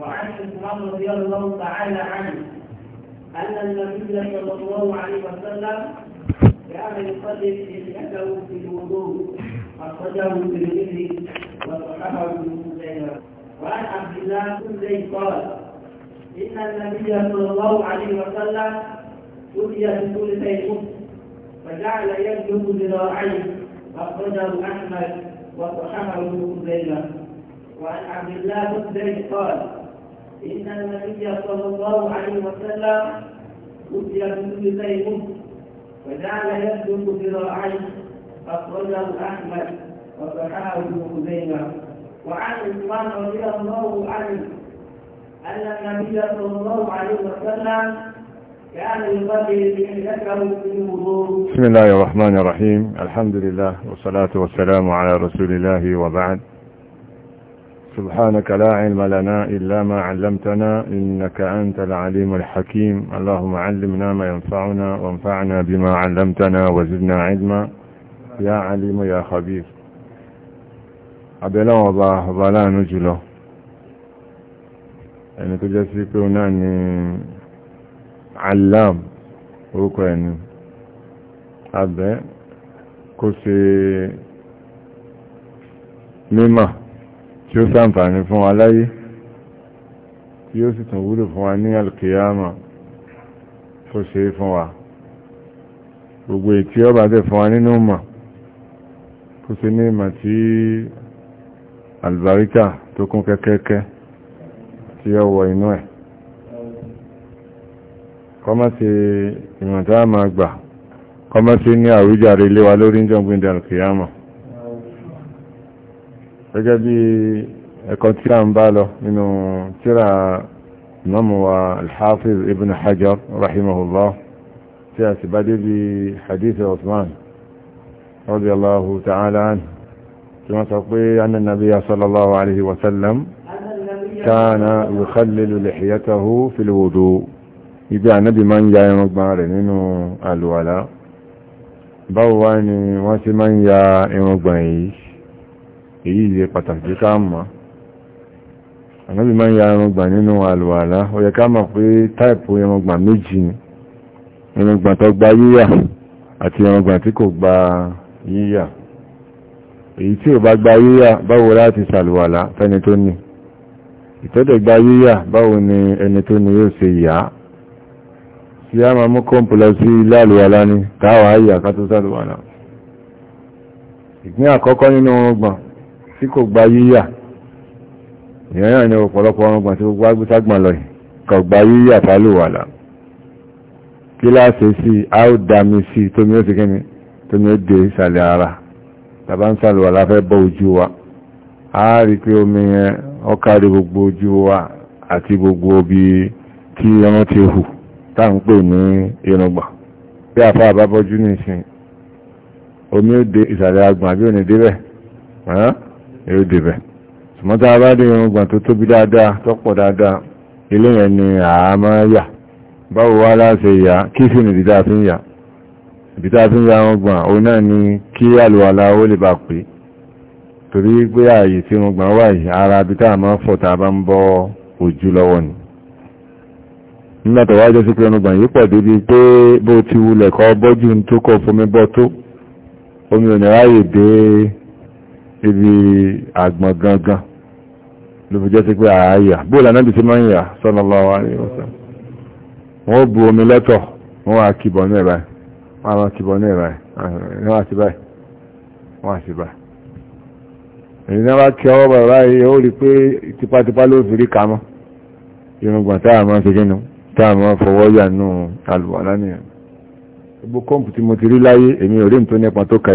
وعن عثمان رضي الله تعالى عنه أن النبي صلى الله عليه وسلم كان يصلي لحيته في الوضوء أخرجه الترمذي وصححه ابن وعن عبد الله بن زيد قال إن النبي صلى الله عليه وسلم سقي بثلثي خبز فجعل يكتب ذراعيه أخرجه أحمد وصححه ابن وعن عبد الله بن زيد قال إن النبي صلى الله عليه وسلم أتي بكل شيء فجعل يسلك ذراعيه أخرجه أحمد وصححه ابن خزيمة وعن عثمان رضي الله عنه أن النبي صلى الله عليه وسلم بسم الله الرحمن الرحيم الحمد لله والصلاة والسلام على رسول الله وبعد سبحانك لا علم لنا إلا ما علمتنا إنك أنت العليم الحكيم اللهم علمنا ما ينفعنا وانفعنا بما علمتنا وزدنا علما يا عليم يا خبير àbẹ̀lọ́wọ̀ bá ọba láàánú jùlọ ẹni tó jẹ́ sí pé ó náà ni alam orúkọ ẹni abẹ́ kó ṣe mímọ̀ tí ó sàǹfààní fún wa láyé tí ó sì tún wúlò fún wa ní alkiyama tó ṣe é fún wa gbogbo ètí ọba tẹ̀ fún wa nínú mọ̀ kó sí ní ìmọ̀ tí albarika tó kún kẹ́kẹ́kẹ́ tí ó wọ inú ẹ̀ kọ́mọ́sí ìmọ̀ta máa gbà kọ́mọ́sí ní àwíjàre léwa lórí jọ́gbìn dàlùkìyàmọ̀ gẹ́gẹ́ bí ẹ̀kọ́ tí a ń bá lọ nínú tíra imamu wa alhafiz ibn hajar rahimahullah tí a sì bá dé bí hadith osman radiyallahu ta'ala anhu tí wọ́n sọ pé anna nabiyya sallallahu alaihi wasallam kana yukhallilu lihiyatahu fil wudu ibi ànábì máa ń ya irùngbọ̀n rẹ̀ nínú àlùwàlá báwo wá ni wọ́n sì máa ń ya irùngbọ̀n yìí èyí yẹ pàtàkì ká mọ̀ ànábì máa ń ya ẹranùgbà nínú àlùwàlá ó yẹ ká mọ̀ pé táìpù ẹranùgbà méjì ni ẹranùgbà tó gba yíyà àti ẹranùgbà tí kò gba yíyà èyí tí ò bá gba yíyà báwo láti ṣàlùwàlá fẹ́ni tó ní ìtọ́dẹ̀ gba yíyà báwo ni ẹni tó ní yóò ṣe yà á tí a mú kọ́mpù lọ sí ilé àlùwàlá ni táwà ayé àkátó sàlùwàlá ìpín àkọ́kọ́ nínú ọgbọ̀n tí kò gba yíyà ìyẹn náà ni ọ̀pọ̀lọpọ̀ ọrùngbọ̀n tí gbogbo agbútágbọ̀n lọ kò gba yíyà tálùwàlà kí láṣẹ sí a ó dami sí tómi ó ti kíni tómi ó dé ìsàlẹ̀ ara tàbá ń sàlùwàlà fẹ́ bọ́ ojú wa a rí pé omi yẹn ó kárí gbogbo ojú wa àti gbogbo bí kí ẹran ti hù tá ń pè ní irùngbọ̀n bí àfá àbábọ́jú ní omi ó dé ìsàlẹ̀ agbọ̀n àbí òní débẹ̀ yóò débẹ̀ ṣùgbọ́ta bá dé irungbọ̀n tó tóbi dáadáa tọ́pọ̀ dáadáa ilé yẹn ni àmọ́ yà báwo wá láti yà kí sí nìdí tá a fi ń yà ìdí tá a fi ń yà irungbọ̀n òun náà ni kí àlùwàlá ó lè bá pé torí pé ààyè tí irungbọ̀n wà yìí ara ibi tá a bá ń bọ́ ojú lọ́wọ́ ni nígbàtọ̀ wájọ́ sí pé irungbọ̀n yìí pọ̀ débi pé bó ti wulẹ̀ kọ́ bọ́jú tó kọ̀ fomi bọ́ tó omi ò ní ráyè dé ibi àgbọ̀n gangan ló fi jẹ́ sí pé àáyà bóòlù anábì tí máa ń yà sallallahu alaihi wasallam wọ́n bu omi lọ́tọ̀ wọ́n wá kìbọ̀ ní ẹ̀rá wọ́n wá kìbọ̀ ní ẹ̀rá wọ́n wá sí báyìí wọ́n wá sí báyìí èyí náà wá kí ọwọ́ bàbá yìí ó rí pé tipátipá ló fi rí kamọ́ irungbọ̀n táà máa fi gínú táà máa fọwọ́ yà nù àlùwàlá nìyẹn gbogbo kọ́ǹpù tí mo ti rí láyé èmi ò rí nítorí nípa tó ka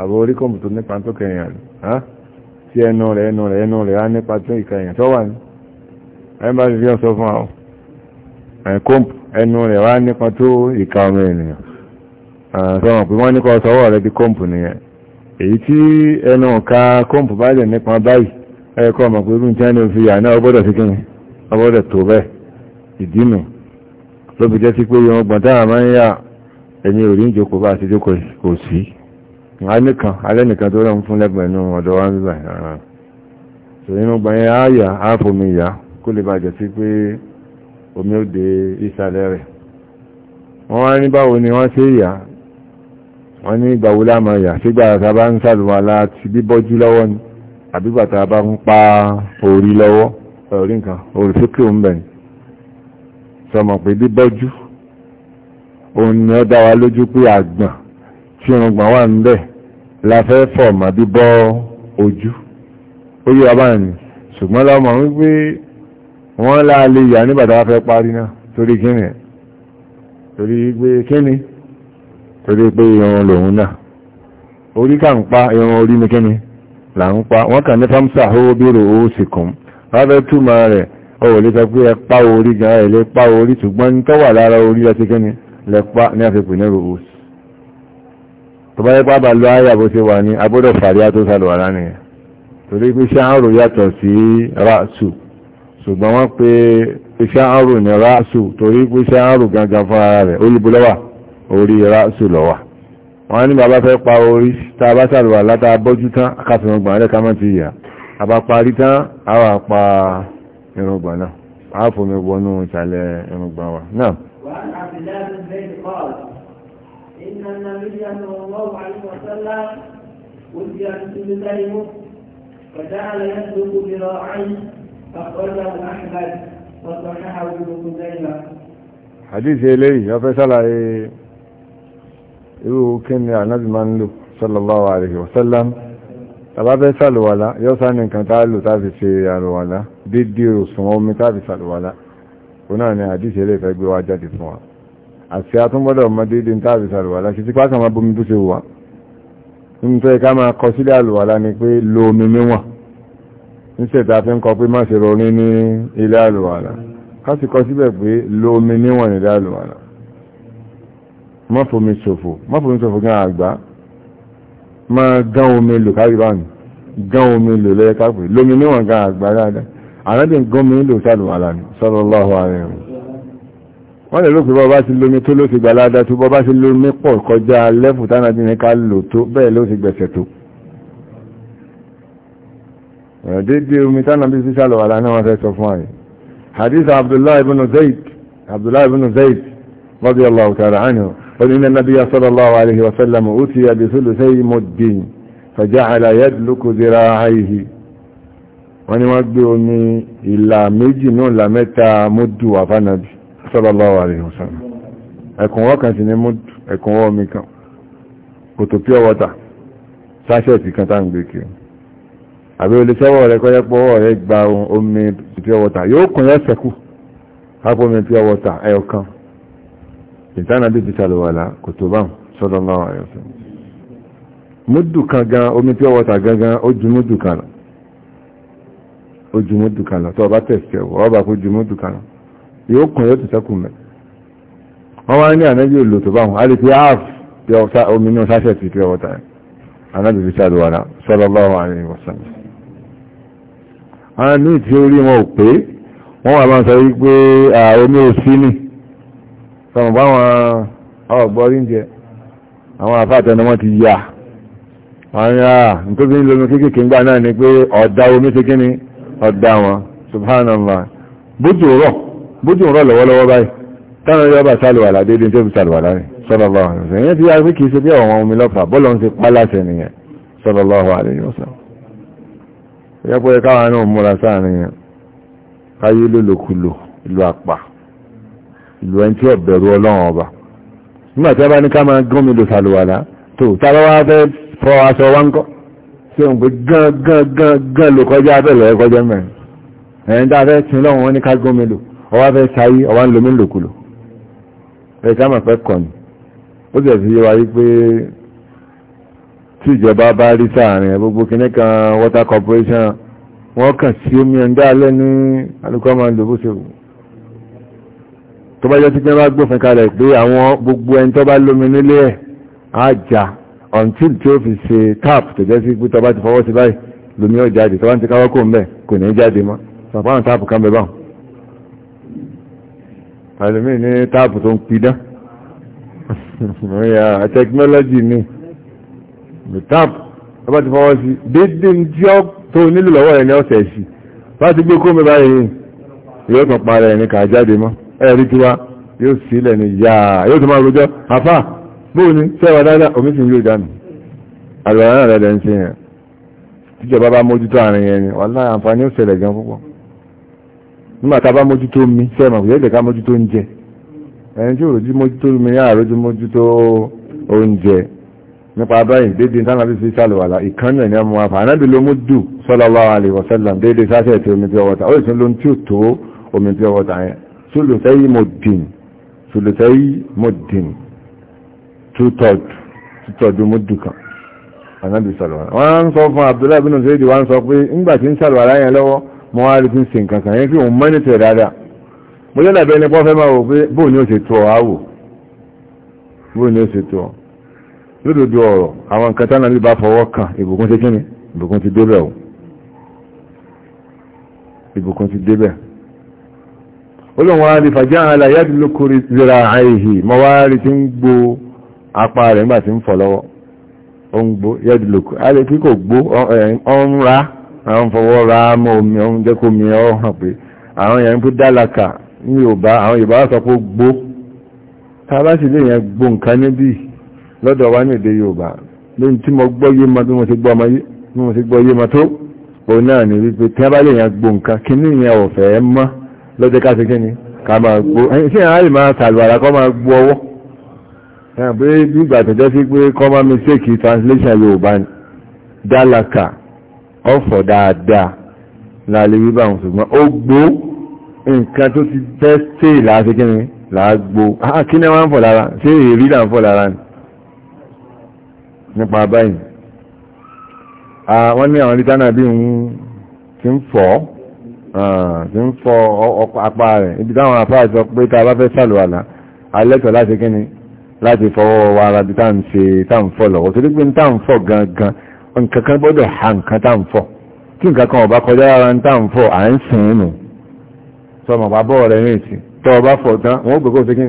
àbò orí kọ̀mùtò nípa tó kẹyìn àlù tí ẹnu rẹ̀ ẹnu rẹ̀ ẹnu rẹ̀ á nípa tó ìkẹyìn tó wà ní ẹ̀mbà fi ọ́ sọ fún àwọn ẹ̀kọ́mpù ẹnu rẹ̀ wá nípa tó ìka ọmọ ènìyàn sọmọ̀ pé wọ́n nípa ọ̀sọ́wọ́ rẹ̀ di kọ́mpù nìyẹn èyí tí ẹnu ọ̀ka kọ́mpù bá jẹ̀ nípa báyìí ẹ̀kọ́ ọmọ pé rúntí ẹni fi yà náà ọgbọ́dọ̀ sí kíni ọgbọ́dọ̀ tó bẹ́ẹ̀ ìdínú ló fi jẹ́ sí pé ọgbọ̀n táwọn máa ń yà ẹni òrí ń jókòó bá àti jókòó kò sí alẹ́kan alẹ́nìkan tó rẹ̀ ń fún lẹ́gbẹ̀ẹ́ nínú ọ̀dọ̀ wa ń bíbà ìrànràn so nínú gbàyẹn ààyà ààfòmì ìyá kó lè bàjẹ́ sí pé omi ó dé ìsàlẹ̀ rẹ̀ wọ́n wá ní báwo ni wọ́n ṣe yà wọ́n ní ìgbàwó láàmà yà sígbà tá a bá ń sàlùwà láti bíbọ́jú lọ́wọ́ ni àbígbà tá a bá ń pa orí lọ́wọ́ orí nǹkan orí sókè òun bẹ̀rẹ̀ sọmọ pé bíbọ́jú òun ni ó dá wa lójú pé àgbọ̀n tí òun gbọ̀n wà ń bẹ́ẹ̀ la fẹ́ fọ̀ mà bí bọ́ ojú ó yí wa báyìí ṣùgbọ́n lọ́mọ wípé wọ́n láàlè yà ní bàtà wá fẹ́ parí náà torí kíni torí pé kíni torí pé irun lòun náà orí kà ń pa irun orí ni kíni là ń pa wọ́n kà ní fámsà owó bírò owó sì kùn wọ́n fẹ́ túmọ̀ rẹ̀ ó lè sọ pé ẹ pa orí gan ẹ lè pa orí ṣùgbọ́n tọ́wà lára orí ẹ ti kíni lẹ pa ní àfikún ní rògbòsì tó bá yẹ pápá lọ ayà bó ṣe wà ní agbọ́dọ̀ fàríà tó sàlùwàrá ni torí pé ṣáàrù yàtọ̀ sí ráṣù ṣùgbọ́n wọ́n pé ṣáàrù ní ráṣù torí pé ṣáàrù gangan fún ara rẹ̀ olúbulọ́wà orí ráṣù lọ́wà wọ́n ní bàbá fẹ́ pa orí tá a bá sàlùwàrá tá a bọ́jú tán akásùn ọgbà rẹ̀ ká má ti yà a bá parí tán a wà pa irùngbọ̀n náà a fòmí wọnú ìsàlẹ̀ irùngbọ̀n wa náà. wàhálà fi dáadọ́ أن النبي صلى الله عليه وسلم وجد بسلمه فجعل يسلك ذراعيه أخرجه أحمد وصححه ابن خزيمة حديث إليه يا فيصل irú kí ni ànábì máa ń lò sallallahu alaihi wasallam tàbábẹ́ sàlùwàlá yóò sá ní nǹkan tàà lò tàbí ṣe àlùwàlá dídí òsùn omi tàbí sàlùwàlá kò náà ni àdíṣẹ́ lè fẹ́ gbé wá jáde fún wa àti àtúngbọ́dọ̀ mọ́dédé tàbí sàrùwàlá kí tí pàtàkì máa bómi tó ṣe wà ní tó ẹka máa kọ sílẹ̀ àlùwàlá ni pé lo omi míwọ̀n ní ṣẹ̀ta fi ń kọ pé má ṣe rọrí ní ilé àlùwàlá ká sì kọ síbẹ̀ pé lo omi níwọ̀n ní ilé àlùwàlá má fomi ṣòfò má fomi ṣòfò gan àgbá má gán omi lò kárí bá mi gán omi lò lẹ́yẹ ká pè lómi níwọ̀n gan àgbá dáadáa àrẹ́bìn gán omi lò sàlùwàlá ni sallallahu alaihi wasallam wọ́n lè rò pé bọ́bá ti lómi tó ló ti gbà ládá tó bọ́bá ti lómi pọ̀ kọjá lẹ́fù tánà tí ní ká lò tó bẹ́ẹ̀ ló ti gbẹ̀sẹ̀ tó dédé omi tánà bí sísá lọ wàlá náà wọ́n fẹ́ sọ fún àyè hadith abdullahi ibn zayd abdullahi ibn zayd radiyallahu ta'ala anhu wa inna nabiyya sallallahu alayhi wa sallam utiya bi thuluthay muddin faja'ala yadluku dhira'ayhi wọ́n ní wọ́n gbé omi ìlà méjì náà ìlà mẹ́ta muddu wà sallallahu alaihi wasallam ẹ̀kùnwọ́ kan sí ní mood ẹ̀kùnwọ́ omi kan kòtò pure water sáṣẹ̀tì kan tá ń gbé kí àbí olùsọ́wọ́ rẹ̀ kọ́ yẹ́pọ̀ ọwọ́ rẹ̀ gba omi pure water yóò kùn yẹ́ sẹ́kù hápọ̀ omi pure water ẹyọ kan ìtànà bí ti sàlùwàlà kòtò bá sallallahu alaihi wasallam múdù kan gan omi pure water gangan ó ju múdù kan lọ ó ju múdù kan lọ tó ọba tẹ̀sí ẹ̀wọ̀ ọba kó ju múdù kan lọ yóò kùn yóò ti sẹ́kù mẹ́ wọ́n wá ní òlò tó a lè fi omi ní fi wọn ò pé wọ́n wà máa sọ wípé omi ò sí báwọn wọn ti yà wọ́n ń lomi kéékèèké náà ni pé ọ̀dà omi ọ̀dà wọn subhanallah bójú rọ̀ bójú ń rọ̀ lọ́wọ́lọ́wọ́ báyìí táwọn yóò bá sálùwàlà dédé tó fi sálùwàlà rẹ̀ sallallahu alaihi wasallam ìyẹn ti yára pé kìí ṣe bí àwọn omi lọ́fà bọ́ọ̀lù ń ṣe pálásẹ nìyẹn sallallahu alaihi wasallam ìyẹn pé káwọn náà múra sáà nìyẹn káyé lólòkulò ìlú àpà ìlú ẹni tí ọ̀bẹ̀rù ọlọ́run ọba nígbà tí a bá ní ká máa gán mi lò sàlùwàlá tó tára wá fẹ́ fọ aṣọ wá ń kọ́ ṣé òun pé gán gán gán lò kọjá abẹ́lẹ̀ kọjá mẹ́rin ẹ̀yìn tá a fẹ́ ní ká gán mi lò ọwá fẹ́ sáyé ọwá ń lo mílòkulò ẹ̀ ká mà fẹ́ kọ̀nì ó sì ẹ̀sì yíwa yí pé tí ìjọba bá rí sáàrin gbogbo kìíní kan water corporation wọ́n kàn sí omi ẹ̀ndá alẹ́ ní alùkọ́ máa ń lò bó ṣe wù tó bá jẹ́ sí pé bá gbófin kalẹ̀ pé àwọn gbogbo ẹni tó bá lómi nílé ẹ̀ á jà until tí ó fi ṣe tap tó jẹ́ sí pé tó bá ti fọwọ́ sí báyìí lómi ó jáde tó bá ń ti káwọ́ kò ń bẹ̀ kò ní jáde mọ́ sàpáwọn tap kan bẹ báwọn ẹlòmíì ní táàpù tó ń pidán ọ̀yà tẹkinọ́lọ́jì ni táàpù ọba ti fọwọ́ sí dédé tí ó tó nílò lọ́wọ́ rẹ̀ ní ọ̀sẹ̀ sí bá ti gbé kó mi báyìí yóò tàn parẹ́ ẹni kà jáde mọ́ ẹ̀rí tiwa yóò sílẹ̀ ní yáà yóò tó máa rojọ́ àfà bóò ni sẹ́wà dáadáa omi sì ń yóò dánù àlọ́ náà rẹ̀ dẹ̀ ń ṣe yẹn tíjọba bá mójútó àárín yẹn ni wàhálà àǹfààní ó ṣẹlẹ̀ gan púpọ̀ nígbà tá a bá mójútó mi sẹ́mà kò yẹ kẹ́ ká mójútó oúnjẹ ẹni tí òròjú mójútó mi ààrẹ tó mójútó oúnjẹ nípa báyìí dédé tánàbí fi sàlùwàlà ìkan náà ní ọmọ wa fàánàbí ló mú dù sallallahu alaihi wasallam dédé sáṣẹ̀ tí omi pure water ó sì ló ń tí ò tó omi pure water yẹn sólùtẹ́yì mo dìn sólùtẹ́yì mo dìn tútọ̀dù mo dù kan ànábì sàlùwàlà wọ́n á sọ fún Abdullahi bin Zayd wọ́n sọ pé ńgbà tí ń sàlùwàlà yẹn lọ́wọ́ mo wá rí tí ń ṣe nǹkan kan yẹn kí òun mọ́nì tẹ̀ dáadáa mo yẹ́ làbẹ́ nípa fẹ́ máa wò pé bóò ní ó ṣe tọ́ àwò bóò ní ó ṣe tọ́ ọ̀rọ̀ àwọn nǹkan tánà ní bá fọwọ́ kan ìbùkún ti kíni ìbùkún ti débẹ̀ o ìbùkún ti débẹ̀ olóhùn wa ni fàjá àlà yàtí ló kórè zera àìhì mo wá rí tí ń gbó apá rẹ̀ nígbà tí ń fọ̀ lọ́wọ́ ó ń gbó yàtí ló kórè kí kò gbó ọ̀run ra àwọn fọwọ́ ra mọ́ omi ọ̀hún jẹ́ kó mi ọ́ hàn pé àwọn èèyàn pé dálaka ní yorùbá àwọn yorùbá sọ pé gbó ta bá sì lè yẹn gbó nǹkan níbí lọ́dọ̀ wa ní èdè yorùbá lóyún tí mo gbọ́ yé ma bí mo ti gbọ́ yé ma tó òun náà ní wípé tí wọ́n bá lè yẹn gbó nǹkan kí ní ìyẹn ọ̀fẹ́ mọ́ lọ́jọ́ ká ti kíni ká máa gbó ẹ̀yìn sí àwọn àìmọ̀ sàlùwàrà kọ́ máa gbó ọwọ́ ẹ̀yìn pé nígbà tó sí pé kọ́ máa mistake translation yorùbá dálaka ọ̀fọ̀ dáadáa láàlè wíbà wọn ṣùgbọ́n ó gbó nǹkan tó ti fẹ́ ṣe láàṣẹ kí ni làágbó ah, kí ni wọ́n ń fọ̀ lára ṣé èrí là ń fọ̀ lára ni nípa báyìí ah, wọ́n ní àwọn rítánà bí ń ti ń fọ́ ah, ti ń fọ́ apá rẹ̀ ibi táwọn apá àti ọpẹ́ ta bá fẹ́ sàlùwàlà alẹ́tọ̀ láti kíni láti fọwọ́ wa ara bí táà ń ṣe táà ń fọ́ lọ́wọ́ torí pé táà ń fọ́ gangan nǹkan kan gbọ́dọ̀ ha nǹkan tá ń fọ̀ tí nǹkan kan ọba kọjá ara ń tá ń fọ̀ à ń sìn nù sọmọ bàbọ̀ rẹ̀ ní ìsìn tọ́ ọba fọ̀ tán wọ́n gbé kó sí kí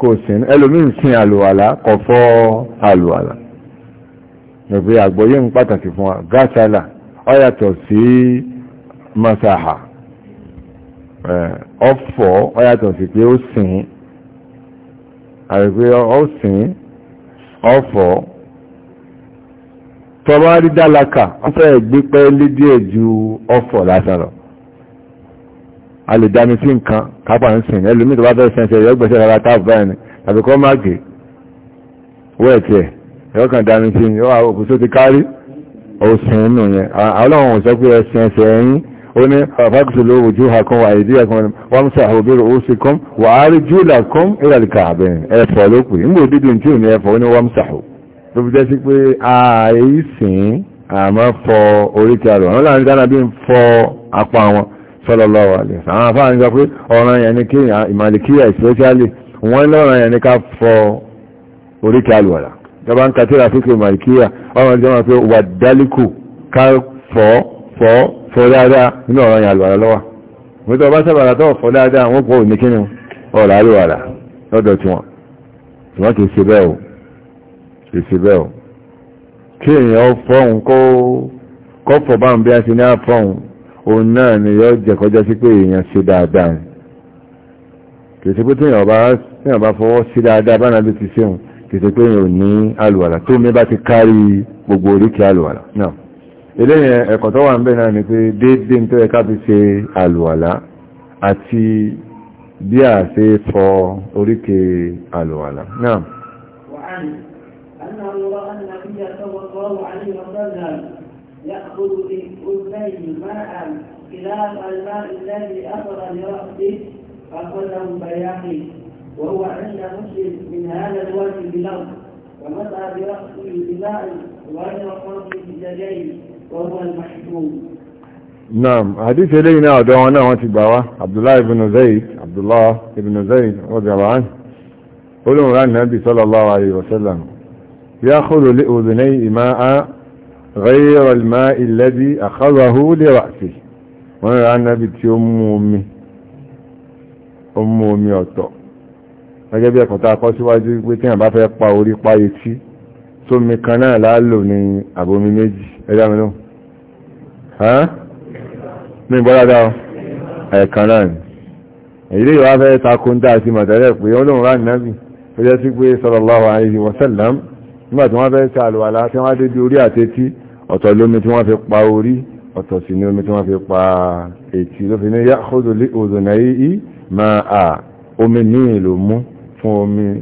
kò sìn ẹlòmíì sin àlùwàlá kò fọ̀ àlùwàlá ẹ̀fẹ́ àgbọ́yé ń pàtàkì fún wa gásàlà ọyàtọ̀ sí masaha ọfọ̀ ọyàtọ̀ sí pé ó sìn àrẹ̀gbẹ́ ó sìn tọba rí dálaka wọ́n fẹ́ gbé pẹ́ lédí ẹ̀ ju ọ̀fọ̀ lásán lọ a lè dami sí nǹkan kápá ń sìn ẹlòmíì tó bá fẹ́ sẹ́ńsẹ̀ yọ gbẹ̀sẹ̀ rárá táàbù báyìí ni tàbí kọ́ má gé wẹ́ẹ̀ tiẹ̀ yọ kàn dami sí ni yọ òkú tó ti kárí òsìn inú yẹn ọlọ́run ò sọ pé ẹ sẹ́ńsẹ̀ ẹ̀yìn ó ní fàkùsù ló wù jú hakan wà ìdí ẹ̀kan wọn sà òbírò ó sì kọ́m wà rí júlà kọ́m ìrẹ̀lì kààbẹ̀ ẹ̀fọ́ ló pè ń gbòdìdì tí ò ní ẹ̀fọ́ ó ní wọ́n sà ó tó fi jẹ́ sí pé àìsìn àmọ́ fọ oríkì àrò àwọn láàrin dára bí ń fọ apá wọn sallallahu alaihi àwọn afáàrin especially wọ́n lọ́ràn yẹn ni ká fọ oríkì àlùwàlà jọba ń ka tíra fíkì ìmàlìkíyà ọ̀ràn jọba pé wà dálíkù ká fọ fọ fọ dáadáa nínú ọ̀ràn yẹn àlùwàlà lọ́wà wọ́n tó bá sábàrà tó fọ dáadáa wọ́n pọ̀ òní kínú ọ̀rà àlùwàlà lọ́dọ̀ tí wọ́n kì ṣe bẹ́ẹ̀ o èsì bẹ́ẹ̀ o kí èèyàn fọ́hun kó fọ́ báhùn bí a ṣe ní àfọ́hun òun náà ni yóò jẹ́ kọjá sí pé èèyàn ṣe dáadáa ni kìí ṣe pé tí èèyàn bá fọwọ́ sí dáadáa bá nàbí ti ṣeun kìí ṣe pé èèyàn ò ní àlùwàlà tó mi bá ti kárí gbogbo oríkì àlùwàlà náà eléyìn ẹ̀kọ́ tó wà ń bẹ náà ni pé déédéé ń tó yẹ ká ṣe àlùwàlà àti bí a ṣe fọ oríkì àlùwàlà náà. النبي صلى الله عليه وسلم يأخذ في أذنيه ماء خلاف الماء الذي أخذ لرأسه أخذه بياقي وهو عند مسلم من هذا الوجه بلغ ومسعى برأسه بماء غير قرب الدجاج وهو المحكوم نعم حديث إلينا نعم، ودعونا نعم، واتباوة عبد الله بن زيد عبد الله بن زيد رضي الله عنه قلوا عن النبي صلى الله عليه وسلم يأخذ لأذنيه ماء غير الماء الذي أخذه لرأسه ونرى النبي تيمومي أمومي ọ̀tọ̀ gẹ́gẹ́ bí ẹ̀kọ̀ta akọ́ síwájú pé tí àbá fẹ́ pa orí pa etí tó mi kan náà láàlò ní àbomi méjì ẹjá mi náà ní ìgbọ́dádá ẹ̀kan náà ni èyí lè wá fẹ́ takun dáa sí mọ̀tẹ́lẹ̀ pé ó lóun rá nàbì ó jẹ́ sí pé sallallahu alaihi wa sallam nígbà tí wọ́n fẹ́ sàlùwàlá tí wọ́n dé di orí àtẹ́tí ọ̀tọ̀ lómi tí wọ́n fi pa orí ọ̀tọ̀ sí ní omi tí wọ́n fi pa ètí ló fi ní yá kódò lé òzònà yìí máa à omi ní ìlò mú fún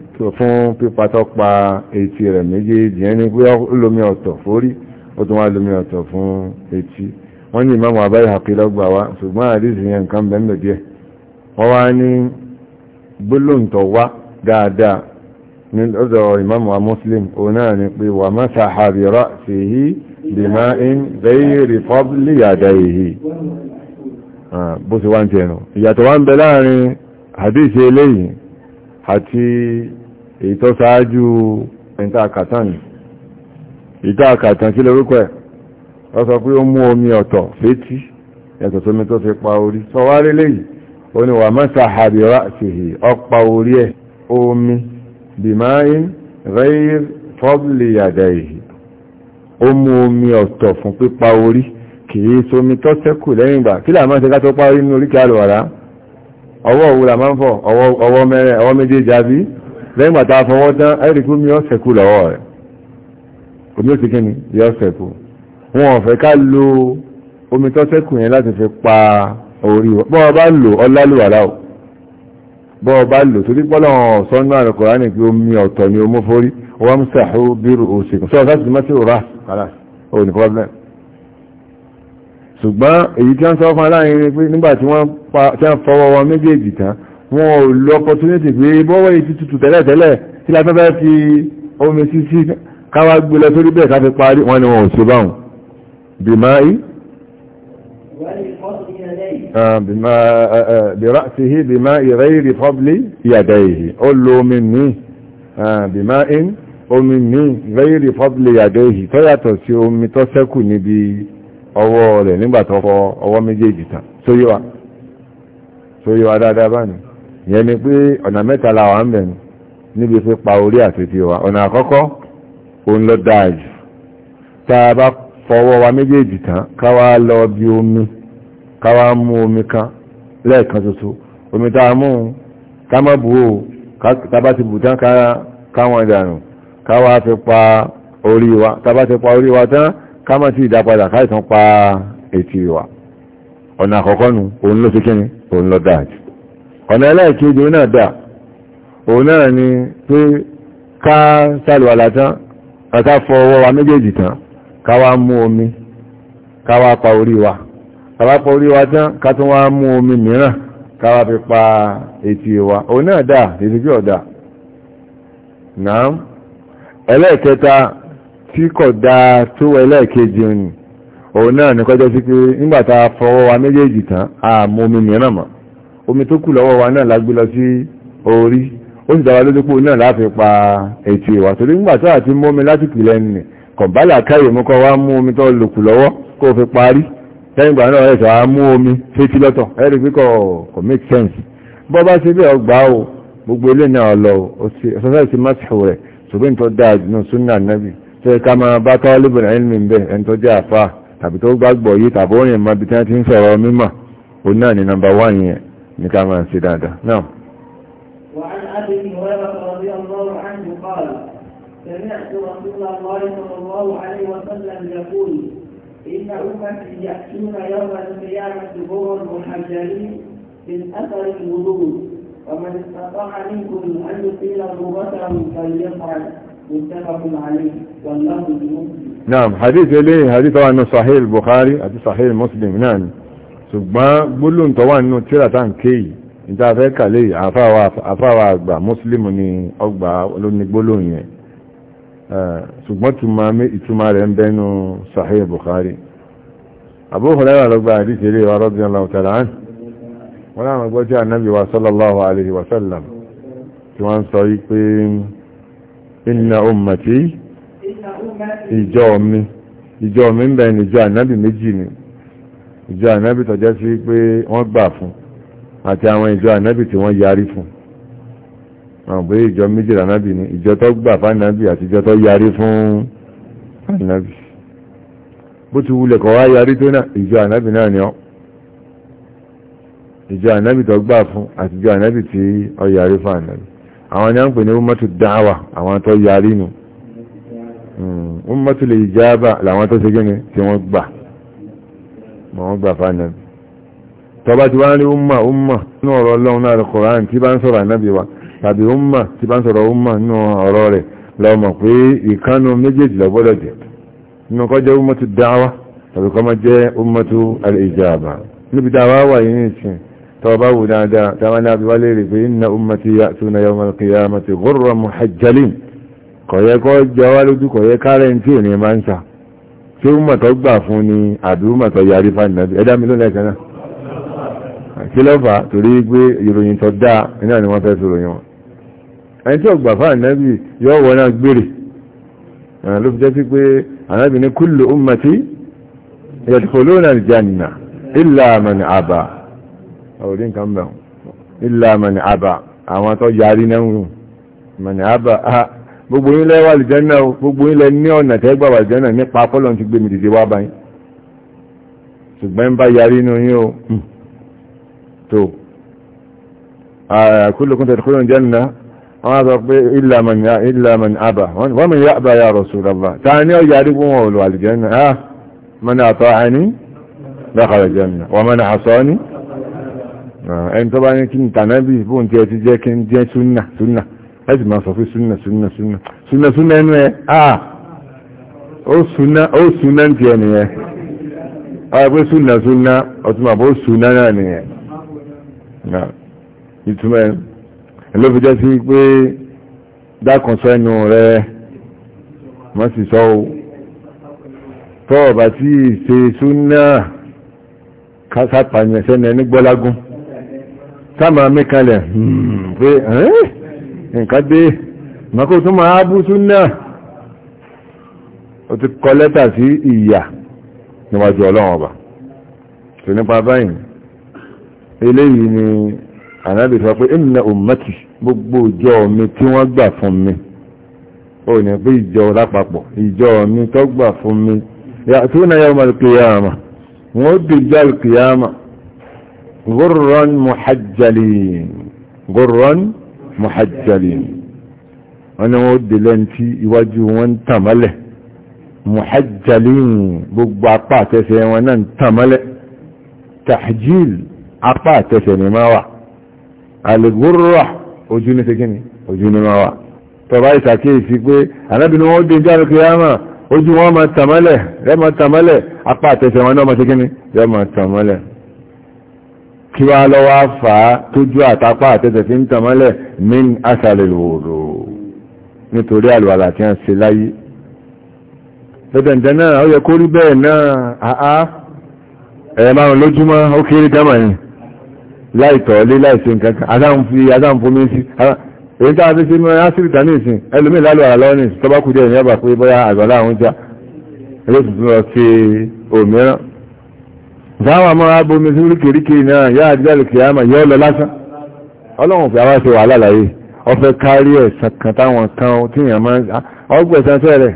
pípa tó pa ètí rẹ̀ méjèèjì ẹni pé lómi ọ̀tọ̀ fórí ó tún wá lómi ọ̀tọ̀ fún ètí wọ́n ní ìmáàmù àbáyé àpilọ́gbà wa ṣùgbọ́n àdìsí yẹn nǹkan bẹ́ẹ̀ mẹ́jẹ wọ́n wá ní gbólóǹtọ̀ wá dáadáa ní ọ̀dọ̀ ìmáàmù muslim òun náà ni pé wà má sàhàbìrá sí hí bìmá in bẹ́ẹ̀ rìpọ́blì àdá ìhì bó ti wá ń tẹnu ìyàtọ̀ wá ṣáájú àkàtàn àkàtàn omi ọ̀tọ̀ fétí ẹ̀tọ̀ fi pa orí sọ wá bìmáyín rẹ́yìr fọ́bìlì yàdà èyí ó mú omi ọ̀tọ̀ fún pípa orí kìí sómi tó sẹ́kù lẹ́yìn ìgbà kí làmá ṣe ká tó parí nínú orí kí a lò wàrá ọwọ́ òwú làmá ń fọ̀ ọwọ́ mẹ́rẹ̀ ọwọ́ méjèèjì àbí lẹ́yìn ìgbà tá a fọwọ́ tán ẹ̀rí mi ó bọ́ ọba lò torí pọ́lọ̀ sọ́nà àrẹ̀kọ̀rá ní pé omi ọ̀tọ̀ ni omó forí wọ́n ń sàhó bírò òṣèkùn sọ́ọ̀ sáà sì má sí òrà kàlá ò ní problem ṣùgbọ́n èyí tí wọ́n sọ fún aláàrin ni pé nígbà tí wọ́n fọwọ́ wọn méjèèjì tán wọn ò lo opportunity pé bọ́wọ́ yìí ti tutù tẹ́lẹ̀ tẹ́lẹ̀ tí láfẹ́fẹ́ fi omi sí káwá gbé lọ sórí bẹ́ẹ̀ ká fi parí wọn ni wọn ò ṣe báwọn bìmáì برأسه بماء غير فضل يديه قل له مني بماء omi ní gẹ́yìrì fọ́bílẹ̀ yàdó èyí tó yàtọ̀ sí omi tó sẹ́kù níbi ọwọ́ rẹ̀ nígbàtọ́ fọ ọwọ́ méjèèjì tán sóyíwá sóyíwá dáadáa báyìí yẹn ni pé ọ̀nà mẹ́ta la wà ń bẹ̀ níbi fi pa orí àti ti wa ọ̀nà àkọ́kọ́ òun lọ dáa jù tá a bá fọwọ́ wa méjèèjì tán káwá lọ bí omi káwá mú omi kan lẹ́ẹ̀kan ṣoṣo omi tá a mú ká má bù ó tábà ti bù tán káwọn ìdànù káwá fi pa orí wa tábà ti pa orí wa tán ká má ti ìdápadà káìsàn pa etí wa ọ̀nà àkọ́kọ́ nu òun ló fi kíni òun lọ dáa jù ọ̀nà ẹlẹ́ẹ̀kejì náà dáa òun náà ni pé ká sàlùwàlà tán ká fọ ọwọ́ wa méjèèjì tán ká wá mú omi ká wá pa orí wa tàbápọ̀ orí wa tán ká tún wá mú omi mìíràn káwà fi pa etí wa o náà dáa títí bí ọ̀dá náà ẹlẹ́ẹ̀kẹta tí kò dáa tó ẹlẹ́ẹ̀kejì ni o náà ní kọjọ́ sí pé nígbàtà fọwọ́ wa méjèèjì tán a mú omi mìíràn mọ́ omi tó kù lọ́wọ́ wa náà lágbé lọ sí orí ó sì dára lójú pé òun náà láfi pa etí wa torí nígbàtà àti mú omi láti pìlẹ̀ nì kọ̀bálà káyè mú kọ́ wá mú omi tó lòkù lọ́wọ́ kó fi parí lẹ́yìn ìgbà náà ẹ̀sọ̀ á mú omi fetí lọ́tọ̀ ẹ̀rí pípọ̀ kò make sense bọ́ bá ṣe bí ọgbà o gbogbo ilé náà lọ ọ̀sọ̀sẹ̀ sí rẹ̀ ṣùgbọ́n tó dáa nù súnà nábì tó yẹ ká máa bá tọ́lú bẹ̀rẹ̀ ẹ̀lmì ń bẹ̀ ẹni tó jẹ́ àfa tàbí tó gbàgbọ́ yìí tàbí ó rìn bí tí ti ń sọ̀rọ̀ mímọ̀ òun náà ni nọ́mbà wá yẹn ní ká máa ṣe dáadáa náà. إن أمتي يأتون يوم القيامة دبورا محجلين من أثر الوضوء ومن استطاع منكم أن يطيل ضربته فليفعل متفق عليه والله بمسلم نعم حديث إليه حديث طبعا أنه صحيح البخاري حديث صحيح مسلم نعم ṣùgbọ́n gbólóhùn tó wà nínú tíra tá ń kéyì ìta fẹ́ kàlẹ́ àfáwà àgbà mùsùlùmù ni ọgbà olónígbólóhùn yẹn ṣùgbọ́n ìtumọ̀ rẹ̀ ń bẹ́nu Sahih Bukhari Abu Hurairah ló gba àdíṣe ilé wa radiyallahu ta'ala anhu wọ́n láwọn gbọ́ tí ànábì wa sallallahu alaihi wa sallam tí wọ́n sọ yí pé inna ummati ìjọ mi ìjọ mi ń bẹ̀rẹ̀ ìjọ ànábì méjì ni ìjọ ànábì tọ́jẹ́ sí pé wọ́n gbà fún àti àwọn ìjọ ànábì tí wọ́n yarí fún àwọn pé ìjọ méjì lànàbì ni ìjọ tó gbà fánàbì àti ìjọ tó yarí fún fánàbì bó ti wulẹ̀ kọ̀ wá yarí tó náà ìjọ ànábì náà ni ọ́ ìjọ ànábì tó gbà fún àti ìjọ ànábì tí ọ yarí fún ànábì àwọn ni a ń pè ní ummatu da'wa àwọn tó yarí nù hmm, ummatu lijaba làwọn tó ṣe gẹ́ni tí wọ́n gbà wọ́n gbà fánàbì tọba ti wá ń rí umma umma ní ọ̀rọ̀ ọlọ́run náà Al-Qur'an tí bá ń wa tàbí umma tí bá ń sọ̀rọ̀ umma nínú ọ̀rọ̀ rẹ̀ lọ́mọ̀ pé ìkánu méjèèjì lọ́gbọ́dọ̀ jẹ́ nínú kọ́ jẹ́ ummatu dáwà tàbí kọ́ máa jẹ́ ummatu al-ijaba níbi dáwà wà yìí ní ìsìn tọ́ bá wù dáadáa táwọn aláàbí wá léèrè pé inna ummati ya'tuna yawma al-qiyamati ghurran muhajjalin kò yẹ kọ́ jẹ́ wá lójú kò yẹ kárẹ̀ tí ò ní máa ń sa tí umma gbà fún ni àbí umma yarí fáìnàbí ẹ̀dá mi ló lẹ́ẹ̀kan náà kí lọ́fà torí pé ìròyìn tó dáa iná ni wọ́n fẹ́ sọ̀rọ̀ yẹn ẹni tí ọgbà fún ànábì yọ wọ náà gbére ló fi jẹ́ sí pé ànábì ní kullu ummati yadkhuluna al-janna illa man aba ọ̀rẹ́ nǹkan bẹ̀rù illa man aba àwọn tó yarí náà rùn man aba ah, gbogbo yín lẹ́ wà lìjẹ́nà o gbogbo yín lẹ́ ní ọ̀nà tẹ́gbà wà lìjẹ́nà nípa fọ́lọ́n ti wọ́n sọ pé ìlàmàn àbà wọ́n mú yá àbà ya Rasulullah ta ní ọjà rí fún ọlù aljanna ha mọ́nà àtọ́ àní dakhala aljanna wọ́n mọ́nà àṣọ́ ní ẹni tó bá ní kí n tànábì fún tí ó ti jẹ́ kí n jẹ́ súnnà súnnà ẹ̀sì máa sọ fún súnnà súnnà súnnà súnnà súnnà ẹnu ẹ ah ó súnnà ti ẹ nìyẹn ọ̀rọ̀ pé súnnà súnnà ọ̀túnmọ̀ ló fi jẹ́ sí pé dákan sọ ẹnu rẹ mọ́ sì sọ o tọ́ ọ̀bà tí ṣe súnà kásápàyàn sẹ́nu ẹni gbọ́lágún sáàmà mẹ́kànlẹ̀ hmm, pé nǹkan dé mọ́kó tún máa bú súnà ó ti kọ lẹ́tà sí ìyà níwájú ọlọ́run ọba tó nípa báyìí eléyìí ni ànábì sọ pé inna ummati gbogbo ìjọ mi tí wọ́n gbà fún mi ó ní pé ìjọ lápapọ̀ ìjọ mi tó gbà fún mi ya'tuna yawmal qiyamah wọ́n dìjọ́ al-qiyamah gurran muhajjalin gurran muhajjalin wọ́n ni wọ́n dì lẹ́n tí iwájú wọn ń tàmálẹ̀ muhajjalin gbogbo apá àtẹsẹ̀ wọn náà ń tàmálẹ̀ tahjil apá àtẹsẹ̀ ni máa wà àlègbòrò ojú ní ṣe kíni ojú ní máa wà tọba ìṣàkíyèsí pé anábìnrin wọn dé jáde kí á máa ojú wọn máa tàmálẹ̀ rẹ máa tàmálẹ̀ apá àtẹsẹ̀ wọn náà máa ṣe kíni rẹ máa tàmálẹ̀ kí wá lọ́wọ́ fà á tójú àtàpá àtẹsẹ̀ fi ń tàmálẹ̀ min asàlẹ̀ lòrò nítorí àlùwàlà tí wọ́n ṣe láyé lọ́dẹ̀ǹdẹ̀ náà ó yẹ kó rí bẹ́ẹ̀ náà àá ẹ̀rẹ̀ márùn lójúmọ́ ó kéré gámà yìí láìtọ̀ọ́lé láìsí nǹkankan adáhùnfomí sí èyí tàà fi sí mẹ́rin áṣírìtà ní ìsìn ẹlòmí lálọ́ àlọ́ ní tọ́bá kú díẹ̀ ní ẹbà pé bọ́yá àgbàlá àwọn já ẹlòsùn tún lọ sí òmíràn dáwà mọ́ra bomi sí oríkèríkè náà yá àdíjálù kìí àmà yọ́ lọ lásán ọlọ́run fi àwáṣe wà lálàyé ọfẹ́ kárí ẹ̀sàn kan táwọn kan tíyàn máa ń ọgbẹ̀sán tẹ́rẹ̀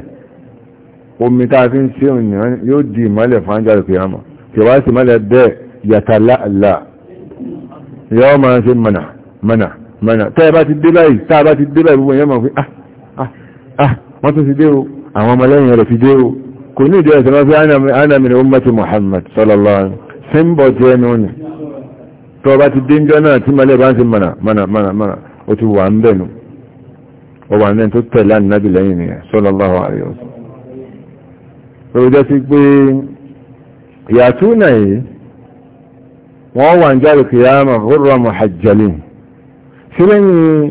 omi tá a fi ń ṣe òyìnbó yóò di ìmọ́lẹ̀ fún àjálù kìí àmà kìí wá sí ìmọ́lẹ̀ bẹ́ẹ̀ yàtàlá yọ́ máa ṣe mọ̀nà mọ̀nà mọ̀nà tẹ́ bá ti dé báyìí tá bá ti dé báyìí gbogbo yẹn máa fi ah ah ah wọ́n tún ti dé o àwọn ọmọlẹ́yìn rẹ̀ ti dé o kò ní ìdí ẹ̀sẹ̀ máa fi ánàmì ní ummati Muhammad sallallahu alaihi wasallam símbọ̀ jẹ́ ẹnu ni tọ́ bá ti dé ńjọ́ náà tí wọ́n wà ń jáde kìyàmà fúnra muhajjalin sí lẹ́yìn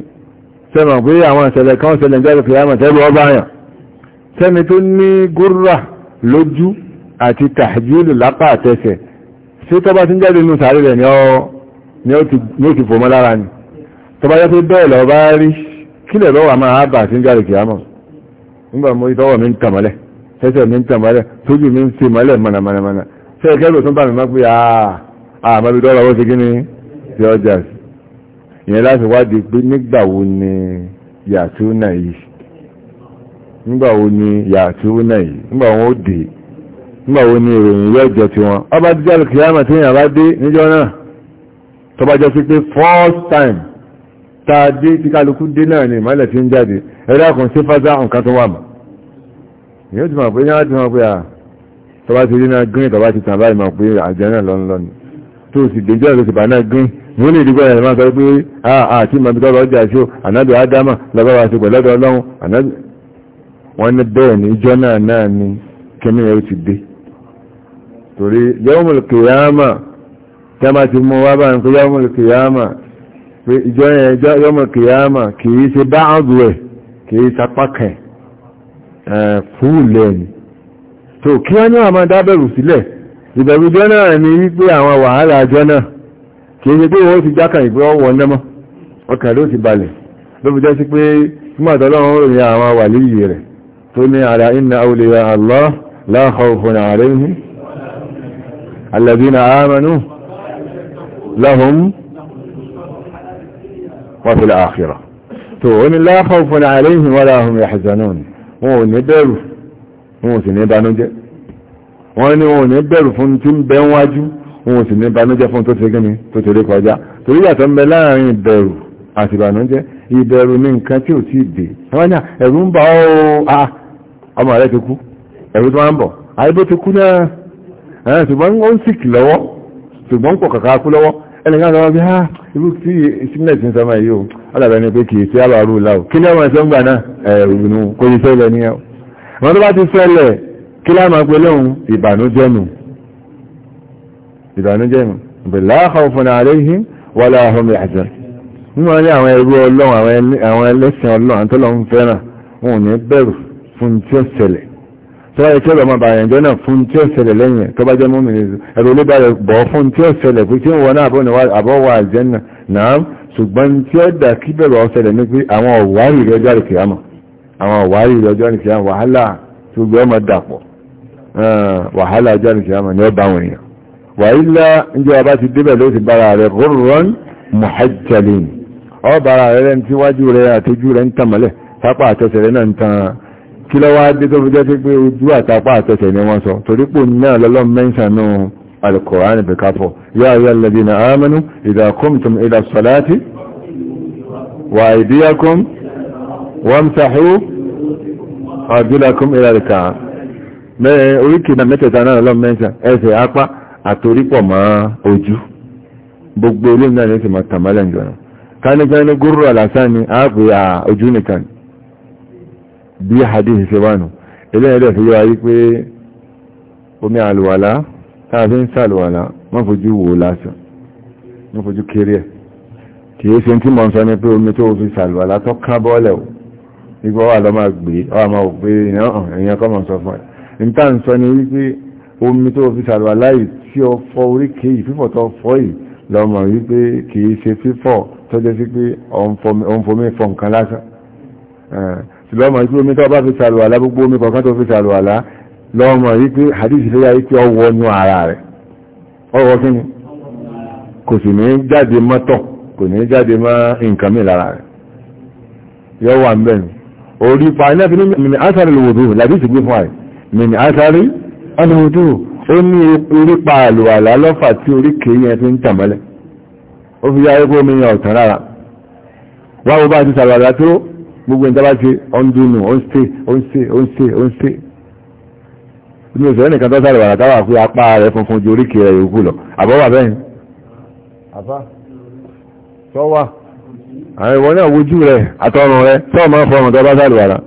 sẹ́mọ̀ pé àwọn ìṣẹ̀lẹ̀ kan ṣẹlẹ̀ jáde kìyàmà tẹ́lú ọba àyàn sẹ́ni tó ní gúrra lójú àti tàjílù lápá àtẹsẹ̀ sí tọ́ba tí ń jáde inú sàárì rẹ̀ ni ó ti fòmọ́ lára ni tọ́ba yẹ́ pé bẹ́ẹ̀ lọ bá rí kílẹ̀ lọ́wọ́ máa bà sí jáde kìyàmà nígbà mo ìtọ́wọ̀ mi ń tàmọ́lẹ̀ ẹsẹ̀ mi ń tàmọ́lẹ̀ tójú mi ń ṣe mọ́lẹ̀ mọ̀nàmọ́nà sẹ́ẹ̀kẹ́ lò tún bá mi má pé àà àmọ́bí dọ́là ó ṣe kí ni tí ọjà sí ìyẹn láti wádìí pé nígbàwo ni yàtúnà yìí nígbàwo ni yàtúnà yìí nígbàwo ó dé nígbàwo ni ìròyìn yóò jọ ti wọn ọba dídí alìkìyàmà tí èèyàn bá dé níjọ́ náà tó jọ sí pé first time tá a dé tí kálukú dé náà ni ìmọ́lẹ̀ fi ń jáde ẹ̀rọ kan sí fásá nǹkan tó wà mọ́ ìyẹn ti mọ̀ pé yẹn ti mọ̀ pé à ti rí náà green tọ́ba ti tàn báyìí mọ̀ pé àjẹ́ náà lọ́nlọ́ni tó sì dèjọ́ ìrẹsì bàánà gín ní ilé ìdígbà ẹ̀rọ máa sọ pé àti mọ̀bí tọ́lọ ọjà ṣó ànábì ádámà lọ́bàwà sí pẹ̀lọ́dọ̀ ọlọ́run ànábì wọ́n ní bẹ́ẹ̀ ní ìjọ náà náà ni kíní ẹ̀ ti dé torí yawmul qiyama tí a máa ti mú wá bá ń pé yawmul qiyama pé ìjọ yẹn yawmul qiyama kìí ṣe bá àgùn ẹ̀ kìí sapákẹ̀ fúlẹ̀ ni tó kí wọ́n ní àmọ́ dábẹ̀rù sílẹ̀ ìbẹ̀rùjọ́ náà ni wípé àwọn wàhálà àjọ náà kì í ṣe pé wọ́n ti jákàn ìpé ọwọ́ nẹ́mọ́ ọkà ló ti balẹ̀ ló fi jẹ́ sí pé mọ́tọ́lọ́wọ́n ròyìn àwọn wàlíyì rẹ̀ tó ní ara inna awliya Allah la khawfun alayhim alladhina amanu lahum wa fil akhirah tó ní la khawfun wọ́n ní wọn ò ní bẹ̀rù fún tí ń bẹ wájú wọn ò sì ní banújẹ́ fún tó ti gẹ́ni tó ti rí kọjá torí yàtọ̀ ń bẹ láàrin ìbẹ̀rù àti ìbànújẹ́ ìbẹ̀rù ní nǹkan tí ò tí dé wọ́n ní ẹ̀rù ń bà ọ́ ah, ọmọ rẹ̀ ti kú ẹ̀rù tó wá ń bọ̀ àìbó ti kú náà eh, ṣùgbọ́n ó ń sìk lọ́wọ́ ah, ni pé kì í sí àbárù kí láàmà pé lóhun ìbànújẹ́nu ìbànújẹ́nu la khawfun alayhim wala hum yahzanun níwọ̀n ní àwọn ẹrú ọlọ́run àwọn ẹlẹ́sìn ọlọ́run àtọ́lọ́run fẹ́ràn wọn ò ní bẹ̀rù fún tí ó ṣẹlẹ̀ tọ́wọ́ ẹ̀kẹ́ ọ̀rọ̀ máa bàyàn jọ náà fún tí ó ṣẹlẹ̀ lẹ́yìn tó bá jẹ́ mú mìíràn ẹ̀rọ olóbàrẹ̀ bọ̀ fún tí ó ṣẹlẹ̀ pé tí ó wọ́n náà àbọ̀wọ̀ àjẹ́nà náà ṣùgbọ́n tí ó dà kí bẹ̀rọ ọ̀ṣẹlẹ̀ ní pé àwọn ọ̀wárí rẹ̀ ọjọ́ àwọn ọ̀wárí rẹ̀ ọjọ́ wàhálà tó gbé ọmọ dàpọ̀ Eh, wàhálà ajá ní kìámà ní ọba àwọn èèyàn wà ilá ìjọ ọba ti débẹ̀ ló ti bára rẹ̀ rọ́rọ̀n mọ̀hájjalin ọ bára rẹ̀ rẹ̀ tí wájú rẹ̀ àtẹ́jú rẹ̀ ń tàmàlẹ̀ tápà àtẹ́sẹ̀ rẹ̀ náà ń tan kí lọ́wọ́ adé tó fi jẹ́ sí pé ojú àtàpà àtẹ́sẹ̀ ni wọ́n sọ torípò náà lọ́lọ́m mẹ́sànú alkùránì bẹ̀káfọ́ yá ayé mẹ́rin oríkèé náà mẹ́tẹ̀ẹ̀ta náà lọ́mọ mẹ́ta ẹsẹ̀ apá àtòrí pọ̀ mọ́ ojú gbogbo ilé náà ní ti mọ̀ tàmálẹ̀ ìjọ náà kánígbá ní gúrú àlàsán ni a pè à ojú nìkan bí hadith ṣe wà nù ilé ẹ̀dẹ̀ fi yọ ayé pé omi àlùwàlá táàfin ń sàlùwàlá wọ́n fojú wò lásán wọ́n fojú kéré ẹ̀ kì í ṣe tí mọ̀ ń sọ ní pé níta ń sọ ni wípé omi tó fi sàlùwàlá yìí tí ó fọ oríkèé yìí fífọ̀ tó fọ́ yìí lọ́mọ wípé kìí ṣe fífọ̀ tó jẹ́ sí pé ọ̀nfọ̀mí fọ nǹkan lásán lọ́mọ wípé omi tó bá fi sàlùwàlá gbogbo omi kọ̀ọ̀kan tó fi sàlùwàlá lọ́mọ wípé hadith fẹ́ yá wípé ọwọ́ nu ara rẹ̀ ọwọ́ kí ni kò sì ní jáde mọ́tọ̀ kò ní jáde mọ́ nǹkan mi lára rẹ̀ yọ wà ń bẹ̀ ni orí pa iná fi ní àṣà rẹ̀ lòwòdó làbí ìṣègbè fún àrẹ̀ min athari al-wudu ó ní orípa àlùwàlá lọ́fà tí oríkèé yẹn fi ń tàmọ́lẹ̀ ó fi yáyé kó omi yẹn ọ̀tàn rárá wáwo bá ti sàlùwàlá tó gbogbo ìjọba ti ọ̀ndùnù ó ń ṣe ó ń ṣe ó ń ṣe inú ìṣẹ̀lẹ̀ nìkan tó sáré wàrà táwà pé apá rẹ̀ funfun ju oríkì rẹ̀ yòókù lọ àbọ́wà bẹ́ẹ̀ àbá sọ́wà àwọn ìwọ náà wojú rẹ̀ àtọrùn rẹ̀ sọ́ọ̀mọ́ fọrùn tó bá sáré wàrà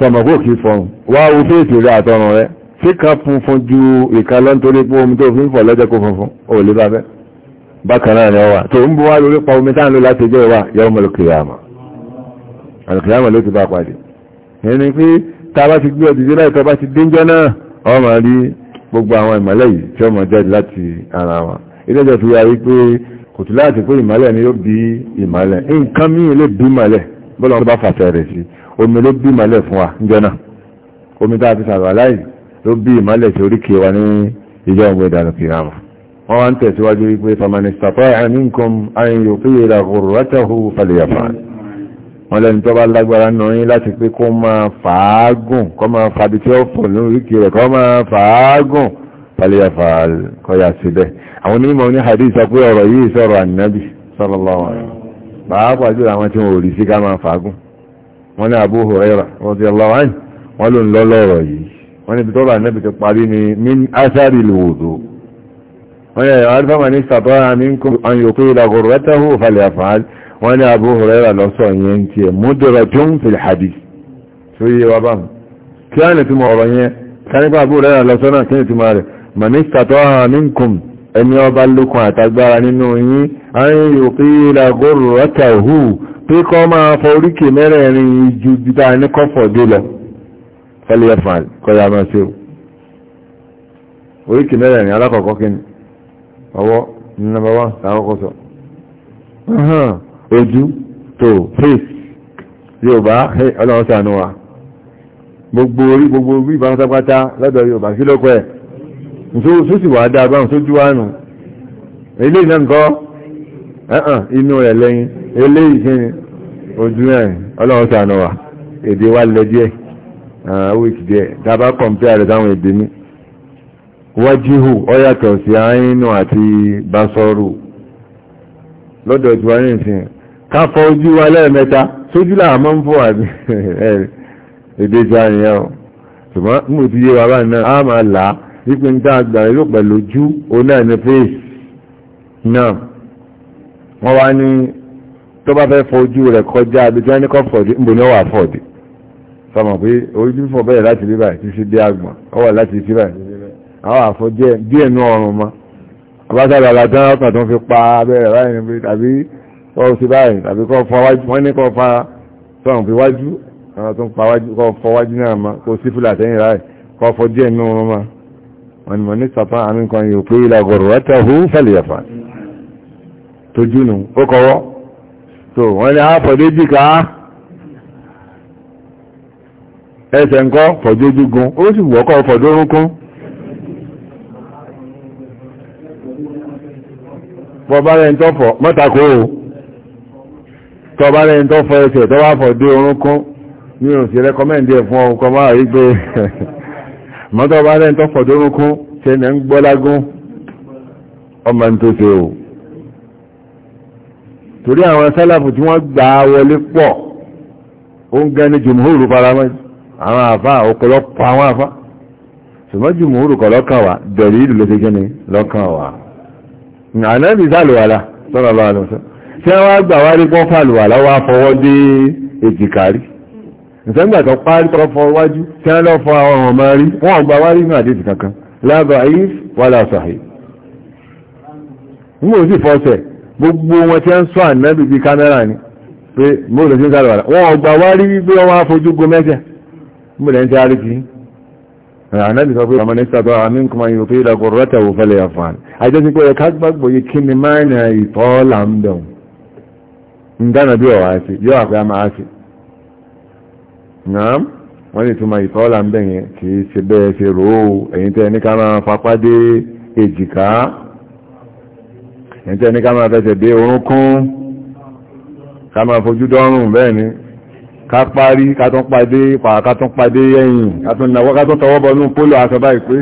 sọmọ̀gbò kì í fọ̀hún wá o fẹ́ ìtòrí àtọrùn rẹ tí kan funfun ju ìkan lọ nítorí pé omi tó fi ń fọ̀ lọ́jọ́ kó funfun ò lè bá bákan náà ni ọ wà tó ń bú wá lórí pa omi táà ń lò láti jẹ́ ìwà yọ ọmọ lókèyàmà àlùkèyàmà ló ti bá padì ẹni pé tá a bá ti gbé ọdìdí láì tó bá ni yóò bí bọ́lá ọba fàṣẹ rẹ̀ sí omi ló bí ìmọ̀lẹ̀ fún wa níjọ́ náà omi tá a fi sàrọ̀ aláì ló bí ìmọ̀lẹ̀ sí oríkèé wa ní ìjọ ìwé ìdàlù kìíyàmù wọ́n wá ń tẹ̀síwájú wípé famanistapọ̀ àníkùn ayinlòkúyèrà òrùwátẹ̀hù falẹ̀yàfà wọ́n lẹ́ni tó bá lágbára náà yín láti pé kó máa fàágùn kó máa fàbí tí ní hadith sọ pé ọ̀rọ̀ yìí sọ̀rọ̀ pàápàá jùlọ àwọn tí wọ́n ò rí sí ká máa fagún wọ́n ní Abu Hurairah radiyallahu anhu wọ́n ló ń lọ lọ́rọ̀ yìí wọ́n níbi tọ́rọ ànẹ́bì ti parí ni min athari al-wudu wọ́n ní ẹ̀yọ̀ alifama ní sàtọ́ra minkum an yuqila ghurratahu falyaf'al wọ́n ní Abu Hurairah lọ́sọ̀ yẹn ti ẹ̀ mudratun fil hadith tó yé wa bá kí á ní túmọ̀ ọ̀rọ̀ yẹn kánípa ẹni ọba lókun àtagbára nínú yín àárín yòókè ìlàgọ́rù ọ̀tà hù pé kọ́ máa fọ oríkè mẹ́rẹ̀ẹ̀rin ju bíbá ní kọ́fọ̀ dé lọ fẹ́lẹ̀ ẹ̀fàn kọ́lá máa ṣe o oríkè mẹ́rẹ̀ẹ̀rin alákọ̀ọ́kọ́ kí ni ọwọ́ ní nọ́mbà wá sàkọ́kọ́ sọ ojú tó face yorùbá ọlọ́run ṣàánú wa gbogbo orí gbogbo orí ìbámu sápátá lọ́dọ̀ yorùbá kí ẹ̀ tó sì wà dáa báhùn tó júwánù ilé ìná nǹkan ẹ̀hàn inú rẹ̀ lẹ́yìn ilé ìṣẹ́ni ojú ẹ̀yìn ọlọ́run sànà wà èdè wa lọ díẹ̀ wíkì díẹ̀ dábàá kọ̀m̀pẹ́ rẹ̀ táwọn èdè ní wájíhù ọyàtọ̀ sí àínú àti basọ́rù lọ́dọ̀ tí wọ́n rìn sí káfọ́ ojú wa lẹ́ẹ̀mẹ́ta sójú làmọ́ ń fọ́ àbí èdè tí a rìn yẹn o ṣùgbọ́n mú ti yé wa báyìí náà á máa làá wípé ń dá agbàrá ló pẹ̀lú ojú òun náà ní face náà wọ́n wá ní tó bá fẹ́ fọ ojú rẹ̀ kọjá ibi tí wọ́n ní kọ́ fọ̀dí ń bò ní ọ̀wà fọ̀dí sọmọ pé ojú fọ̀ bẹ̀rẹ̀ láti rí báyìí títí dé àgbọ̀n ọwọ́ láti rí báyìí àwọn àfọ̀jẹ́ díẹ̀ nú ọrùn mọ́ abájáde aládán ọkàn tó ń fi pa abẹ́rẹ́ báyìí pé tàbí kọ́ sí báyìí tàbí kọ́ fọ wájú wọ́n ní kọ́ fa sọmọ pé wájú àwọn tó ń pa wájú kọ́ fọ wájú náà mọ́ kó sífìlà wọ́n ni mọ̀ ní sàpá àmì kan yóò pé ilẹ̀ ọgọ̀rọ̀ ẹ̀tẹ̀ hù fẹ́lẹ̀ ẹ̀fà tó júnù ó kọwọ́ tó wọ́n ni àápọ̀dé jìká ẹsẹ̀ ńkọ́ fọ̀dójúgun ó sì wọ́kọ́ fọ̀dórúnkún bọ́bá rẹ̀ tó fọ̀ mọ́tàkó o tọ́bá rẹ̀ tó fọ̀ ẹsẹ̀ tọ́wá fọ̀dórúnkún mi ò sì rẹ́kọ́mẹ́ndì ẹ̀ fún ọkọ̀ máa rí pé mọ́tọ́ bá rẹ̀ ń tọ́pọ̀ dórúnkún ṣe ní ń gbọ́lágún ọmọ tó ṣe o torí àwọn sálàfù tí wọ́n gbà wọlé pọ̀ ó ń gẹ́ni jùmúhùrù faramọ́ àwọn àfá ọ̀pọ̀lọpọ̀ àwọn àfá ṣùgbọ́n jùmúhùrù kọ̀ lọ́kàn wà dọ̀rí ìlú ló ṣe gẹ́ni lọ́kàn wà ànábì sàlùwàlà sọ́nà ìfẹ́gbà tó parí tọrọ fọ wájú tí wọ́n lọ fọ àwọn ọmọ rí wọ́n gba wárí ní àdéjì kankan lábàá yìí wà láàṣàhì nígbò sí fọ́sẹ̀ gbogbo wọn tí wọ́n sọ ànábì bí kámẹ́rà ni pé mọ́lù sí sáré wàrà wọ́n gba wárí wípé wọ́n á fojú go mẹ́sẹ̀ mọ́lù ẹni tí a rí kìí ànábì pé ọmọ nípa tó àmì náà wọ́n lè túnmọ̀ ìtọ́lá ń bẹ̀yẹn kì í ṣe bẹ́ẹ̀ ṣe rò ó ẹ̀yin tẹ́ ní ká máa fapá dé èjìká ẹ̀yin tẹ́ ní ká máa fẹsẹ̀ dé orúnkún ká máa fojú dọ́rùn bẹ́ẹ̀ ni ká parí ká tún padé pàá ká tún padé ẹ̀yìn ká tún náwó ká tún tọwọ́ bọnú pólò aṣọ báyìí pé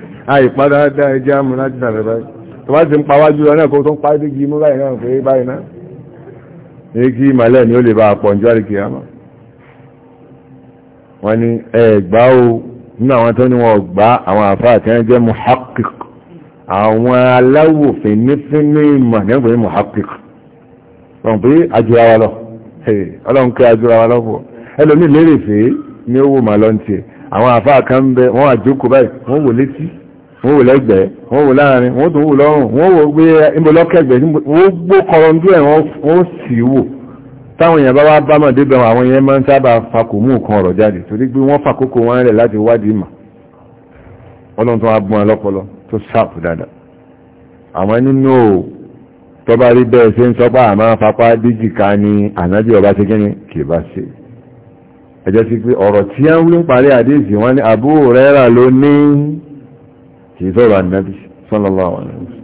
àìpadà dá ẹjẹ́ àmú láti dàrẹ̀ báyìí tó bá ti ń pawájú lọ náà kó tún padé gí mú báyìí náà pé báyìí wọ́n ní ẹ̀gbá o nínú àwọn tó ní wọn gbá àwọn àfáà àti ẹjẹ́ muhakkik àwọn aláwò fínífíní ìmọ̀ nígbà ní muhakkik wọ́n pé ajúra wa lọ ọlọ́run kí ajúra wa lọ́pọ̀ ẹlòmí lérè fèé ní ó wò má lọ́ntì àwọn àfáà kan bẹ wọ́n àjókò báyìí wọ́n wò táwọn èèyàn bá wá bá mọ̀ débẹ̀ àwọn èèyàn máa ń sábà fakòmú nǹkan ọ̀rọ̀ jáde torí pé wọ́n fàkókò wọn rẹ̀ láti wádìí mà ọlọ́run tó wá bọ́n ọlọ́pọlọ tó sáàpù dáadáa àwọn nínú ò tó bá rí bẹ́ẹ̀ ṣe ń sọpá àmọ́ fapá díjìká ni ànábì ọba ṣe kíni kì bá ṣe ẹjẹ́ sí pé ọ̀rọ̀ tí a ń wí parí àdéhìsì wọn ni àbúrò rẹ́rà ló ní kì í sọ̀rọ̀ ànábì sallallahu alaihi wasallam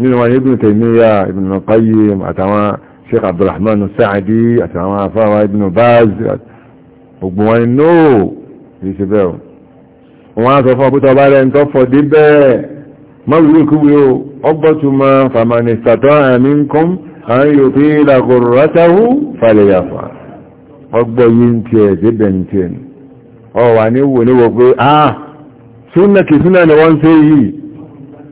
nínú wọn ibn Taymiyyah ibn Qayyim àtàwọn sheikh abdulrahman Sa'di àtàwọn afáwa ibn Baz ogun wọn ni nóò yìí ṣe bẹ́ẹ̀ o wọ́n á sọ fún ọpútọ bá rẹ̀ ń tọ́ fọ́ dé bẹ́ẹ̀ mọ́wùlú kúwé o ọgbọ́túnmọ́ fàmànìsàtọ́ minkum an yutila ghurratahu falyafa ọgbọ́ yìí ń tiẹ̀ débẹ̀ ń tiẹ̀ ọ wà ní wò ní wọ pé ah súnà kìsúnà ni wọ́n ń ṣe yìí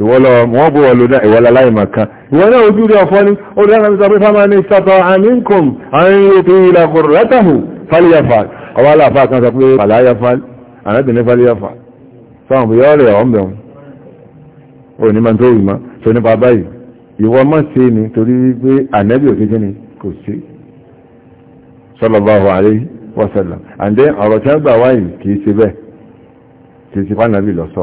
ìwọ́lọ wọ́n bó wọ́n lódá ìwọ́lá láìmọ̀kan ìwọ́n náà ojú rí ọ̀fọ́ ní olóòrán àti sàpé fáma ní sàtọ̀ àmínkùn àrin ètò ìlàkùrù rẹ́tàhù fàlíyàfà ọwálàfà kan sọ pé fàlàyàfà àrẹ́bìnrin fàlíyàfà fáwọn bí yọ́rẹ̀ ọ̀mbẹ̀un ò ní máa tó wì má tó nípa báyìí ìwọ má ṣe ni torí pé ànẹ́bì ò kékeré kò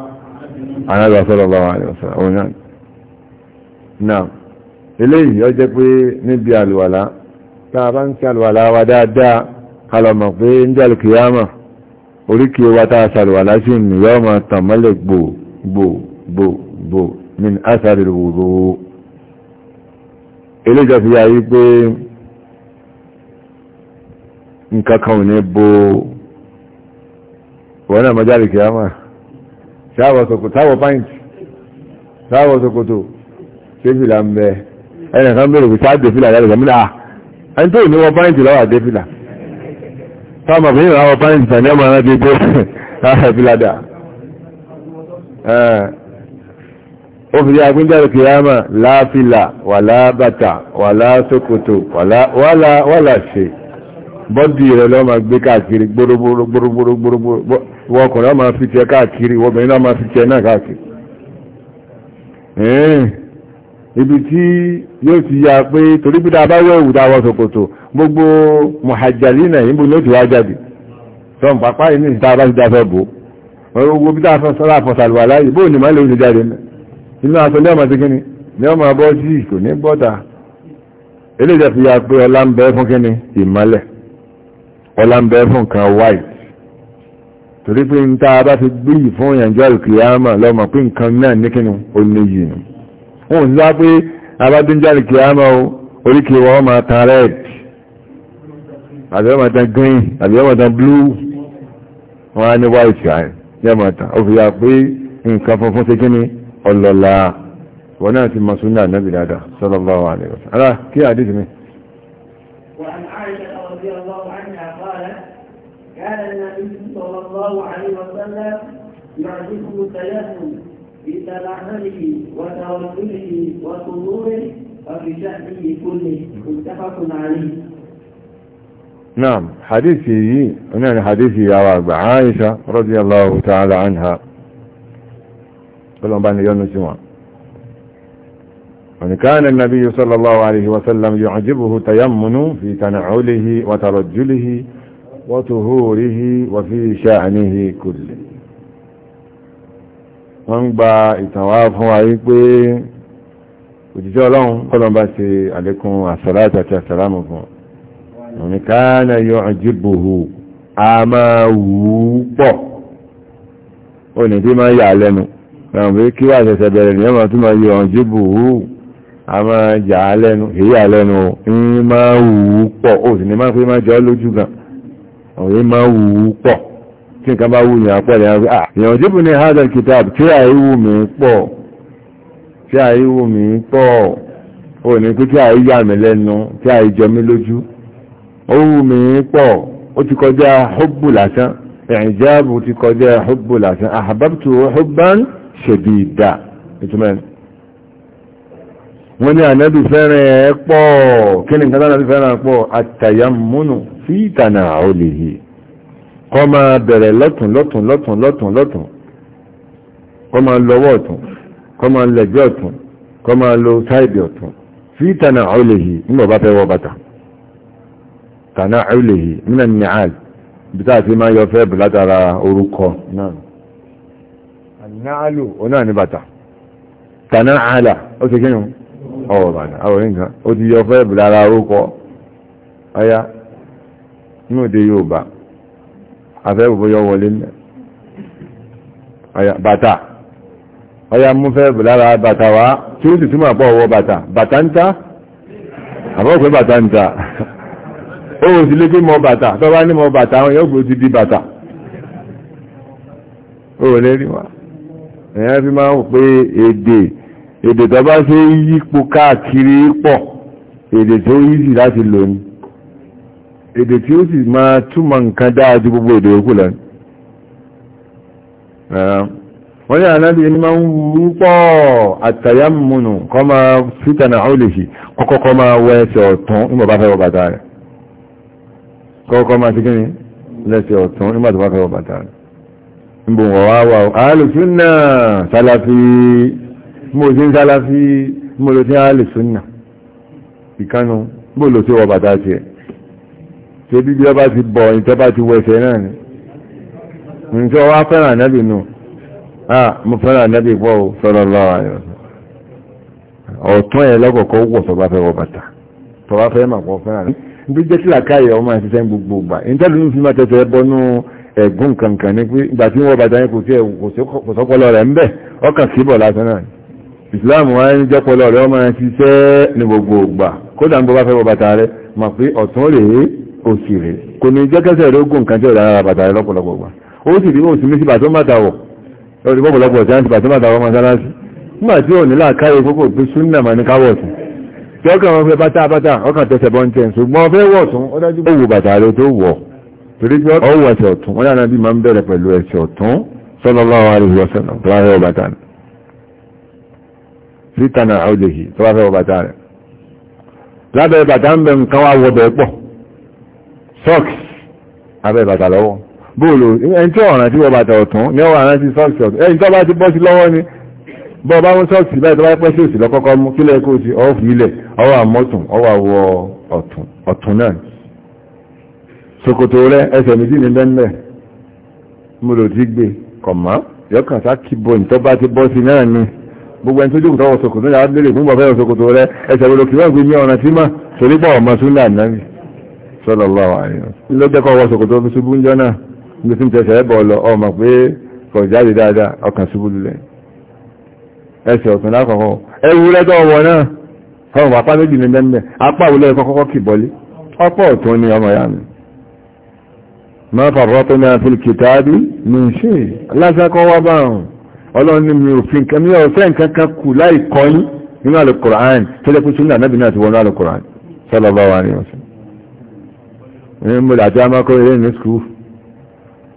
anábì sallallahu alaihi wasallam òun náà náà eléyìí ó jẹ́ pé níbi àlùwàlá tá a bá ń ṣe àlùwàlá wa dáadáa kalọ̀mọ̀ pé ń jẹ́ alùkìyàmà oríkì wa tá a ṣàlùwàlá sí ni yọ́ máa tàn mọ́lẹ̀ gbò gbò gbò gbò min asari wudu eléyìí fi yà yí nǹkan kan ò ní bo wọ́n náà mọ́jáde kìyàmà táwọ̀ pàǹtì táwọ̀ ṣòkòtò ṣé fìlà ń bẹ ẹnìkan bèrè pé sáà dé fìlà yàrá ìgbàmílà ah, ẹni tó ní wọ́n pàǹtì lọ́wọ́ àdé fìlà táwọn àbẹ̀yìn ìrìn àwọn pàǹtì tàbí ọmọ ẹran ti dé fìlà dà ó fi yá agbẹ́jáde kìyàmà láàfìlà wàlá bàtà wàlá ṣòkòtò wàlá ṣe bọ́dì rẹ̀ lọ́mọ gbé káàkiri gbórógbórógbórógbórógbóró ìwọ ọkùnrin ọmọ fi tiẹ̀ káàkiri ìwọ obìnrin ọmọ fi tiẹ̀ náà káàkiri ibi tí yóò ti ya pé torí bí dáa bá wẹ́ ìwù dáa wọ ṣòkòtò gbogbo mọ̀hàjàlì náà yìnbó ní ó ti wá jáde sọm pápá yìí ní ìta bá ti dáfẹ́ bò gbogbo bí dáa sọ́lá àfọ̀sàlùwà láyé bóò ní máa lè oúnjẹ jáde mẹ́ inú ya pé ọlá ń bẹ fún kíni ìmọ́lẹ̀ ọlá ń bẹ fún nǹkan white torí pé ń tá a bá ti gbé yìí fún ìyànjọ́ alìkìyàmà lọ́mọ pé nǹkan náà ní kínú oní yìí nù wọn ń sá pé abádúnjọ́ alìkìyàmà oríkèé wọn máa tan red àbí wọn máa tan green àbí wọn máa tan blue wọn á ní white guy yẹn máa tan ó fi yà pé nǹkan funfun ṣe kíni ọlọ́lá wọn náà ti mọ súnà nábì dáadáa sallallahu alaihi wasallam ara kí àdéhùn mi. وعن عائشة رضي الله عنها قالت كان النبي الله عليه وسلم يعجبه التيمم في تنعمله وتوكله وصدوره وفي شأنه كله متفق عليه نعم حديثي هنا حديثي يا عائشة رضي الله تعالى عنها قلوا بأن يوم الجمعة وإن كان النبي صلى الله عليه وسلم يعجبه تيمن في تنعله وترجله وطهوره وفي شأنه كله wọ́n gba ìtànwá fún ayé pé òjíṣẹ́ ọlọ́run kọ́lọ̀n bá ṣe àlékún àṣàláàtà àti àṣàlámù fún ọ̀nà káàna yọ àjíbòhù a máa wù ú pọ̀ ó ní tí máa yà lẹ́nu ẹ̀rùn pé kí wà ṣẹ̀ṣẹ̀ bẹ̀rẹ̀ ní ọmọ tí máa yọ àjíbòhù a máa yà lẹ́nu èyí àlẹ́nu ń máa wù pọ̀ ó sì ní máa fi máa jọ lójú gan òye máa wù ú pọ̀ tí nǹkan bá wù ní àpẹẹrẹ àwọn ah èèyàn jíbù ní hadal kitab tí àìwù mí pọ̀ tí àìwù mí pọ̀ ò ní pé tí àìyà mí lẹ́nu tí àìjọ mí lójú ó wù mí pọ̀ ó ti kọjá hubbu lásán ìjábù ti kọjá hubbu lásán ahbabtu hubban shadida ìtumẹ́ni wọ́n ní ànábì fẹ́ràn ẹ̀ pọ̀ kí ni nǹkan ànábì fẹ́ràn pọ̀ àtàyàmúnù sí ìtànà àólè yìí kọ́ máa bẹ̀rẹ̀ lọ́tùn lọ́tùn lọ́tùn lọ́tùn lọ́tùn kọ́ máa lọ́wọ́ ọ̀tún kọ́ máa lẹ́gbẹ́ ọ̀tún kọ́ máa lo sáìdì ọ̀tún sí ìtànà àólè yìí nígbà bá fẹ́ wọ bàtà tànà àólè yìí nínà ní àl bí táà ti máa yọ fẹ́ bù orúkọ náà ànáàlù onáà ní bàtà tànà àlà ó ti kí ni ọwọ́ bàtà àwòrán nǹkan ó ti yọ fẹ́ẹ̀bù lára orúkọ ọyá ní òde Yorùbá afẹ́ẹ̀bù bó yọ wọlé mẹ́ ọyá bàtà ọyá mú fẹ́ẹ̀bù lára bàtà wá tí ó sì túmọ̀ pọ̀ ọwọ́ bàtà bàtà ń ta àbọ̀pẹ́ bàtà ń ta ó sì lé pé mọ bàtà tó bá ní mọ bàtà àwọn yóò gbé di bàtà ó lè rí wa ẹ̀yà fi máa ń pé èdè èdè tó bá fẹ́ yípo káàkiri pọ̀ èdè tó yízi láti lò ní èdè tí ó sì máa túmọ̀ nǹkan dáa ju gbogbo èdè òkú lẹ́nu wọ́n ní ànábì ẹni máa ń wú pọ̀ àtàyàmùnù kọ́ máa fítànà àúlèṣì kọ́kọ́kọ́ máa wọ ẹsẹ̀ ọ̀tún nígbà bá fẹ́ wọ bàtà rẹ̀ kọ́kọ́ máa ti kíni lẹ́sẹ̀ ọ̀tún nígbà tó bá fẹ́ wọ bàtà rẹ̀ níbo wọ́n wá wà áàlùfínà sálàfíì mo ti ń sálàfí mo lọ sí àálè súnà ìkánu mo lọ sí wọ bàtà tiẹ̀ ṣe bí bí ọba ti bọ̀ ìtọ́ bá ti wẹsẹ̀ náà ni nǹkan wá fẹ́ràn ànábì nù ah mo fẹ́ràn ànábì pọ̀ o sallallahu alaihi wasallam ọ̀tún ẹ̀ lọ́kọ̀ọ́kọ́ wọ̀ tó bá fẹ́ wọ bàtà tó bá fẹ́ mà pọ̀ fẹ́ràn ànábì nítorí jẹ́ sílà káyọ̀ ọmọ àṣìṣẹ́ gbogbo gbà ìtẹ́lù ní fi máa tẹ̀sẹ̀ bọ́nú ẹ̀gún kankan ní pé ìgbà tí wọ́n bàtà yẹn kò sí ọpọlọ rẹ̀ ń bẹ̀ ọkàn síbọ̀ lásán náà islam wa ń jẹ́pọ̀lọ́ rẹ̀ ọmọ ẹ̀ ti ṣẹ́ ní gbogbo ògbà kódà ń bọ́bá fẹ́ bọ́ bàtà rẹ̀ mọ̀ pé ọ̀tún rèé òsì rèé kò ní jẹ́kẹ́sẹ̀ rẹ̀ ogun kan tí ọ̀dà ara bàtà rẹ̀ lọ́pọ̀lọpọ̀ gbà ó sì rí òsì méjì bàtà bàtà wọ̀ lórí pọ̀pọ̀lọpọ̀ tí a ń ti bàtà bàtà wọ̀ mọ́sálásí nígbà tí ò ní láàkáyé kókò pé súnà mà ní káwọ̀ sí tí ọkàn wọn fẹ́ bàtà bàtà ọkàn tẹsẹ̀ bọ́ ń tẹ̀ ṣùgbọ́n fẹ́ wọ̀ tún ó dájú pé ó wù bàtà rẹ̀ tó wọ̀ torí pé ọwọ́ ẹsẹ̀ ọ̀tún wọn dáná bí máa ń bẹ̀rẹ̀ pẹ̀lú ẹsẹ̀ ọ̀tún sallallahu alaihi wasallam tó wáyé ọ̀bàtà ni fítànà àwòdèhì tó bá fẹ́ wọ bàtà rẹ̀ lábẹ́ bàtà ń bẹ nǹkan wá wọbẹ̀ pọ̀ socks abẹ́ bàtà lọ́wọ́ bóòlù ẹni tí ọ̀ràn tí wọ bàtà ọ̀tún ní ọ̀ràn rántí socks ọ̀tún ẹni tó bá ti bọ́ sí lọ́wọ́ ni bọ́ bá mú socks báyìí tó bá pẹ́ sí òsì lọ́kọ́kọ́ mú kílẹ̀ kó sí ọ̀fù ilẹ̀ ọwọ́ àmọ́tún ọwọ́ àwọ ọ̀tún náà ṣòkòtò rẹ̀ ẹsẹ̀ méjì ní bẹ́ńbẹ́ mo lò ti gbé kọ̀mọ́ yọkàn sá kí bo ìtọ́ bá ti bọ́ sí náà ni gbogbo ẹni tó jókòó tọwọ́ ṣòkòtò náà lérè fún bàbá ìṣòkòtò rẹ ẹsẹ̀ gbọdọ̀ kí wọ́n gbé mi ọ̀nà tí mà torí pọ̀ ọmọ súnlẹ̀ ànábì sallallahu alaihi ló jẹ́ kọ́ wọ ṣòkòtò fi ṣubú ńjọ́ náà ní tí mo tẹ̀sẹ̀ ẹ̀ bọ̀ lọ ọmọ pé kò jáde dáadáa ọkàn ṣubú lulẹ̀ ẹsẹ̀ ọ̀tún lákọ̀ọ́kọ́ ewúrẹ́ tó wọ náà ọmọ apá méjì ní bẹ́ẹ̀ apá ọlọ́run ní mi ò fi nǹkan mi ò fẹ́ nǹkan kan kù láì kọ́yìn nínú alukur'an tó lẹ́kùn súnà náà bí náà ti wọnú alukur'an sọ́lọ́bá wa ní ọ̀sán ní mo dàti amákọ́ ilé ní skul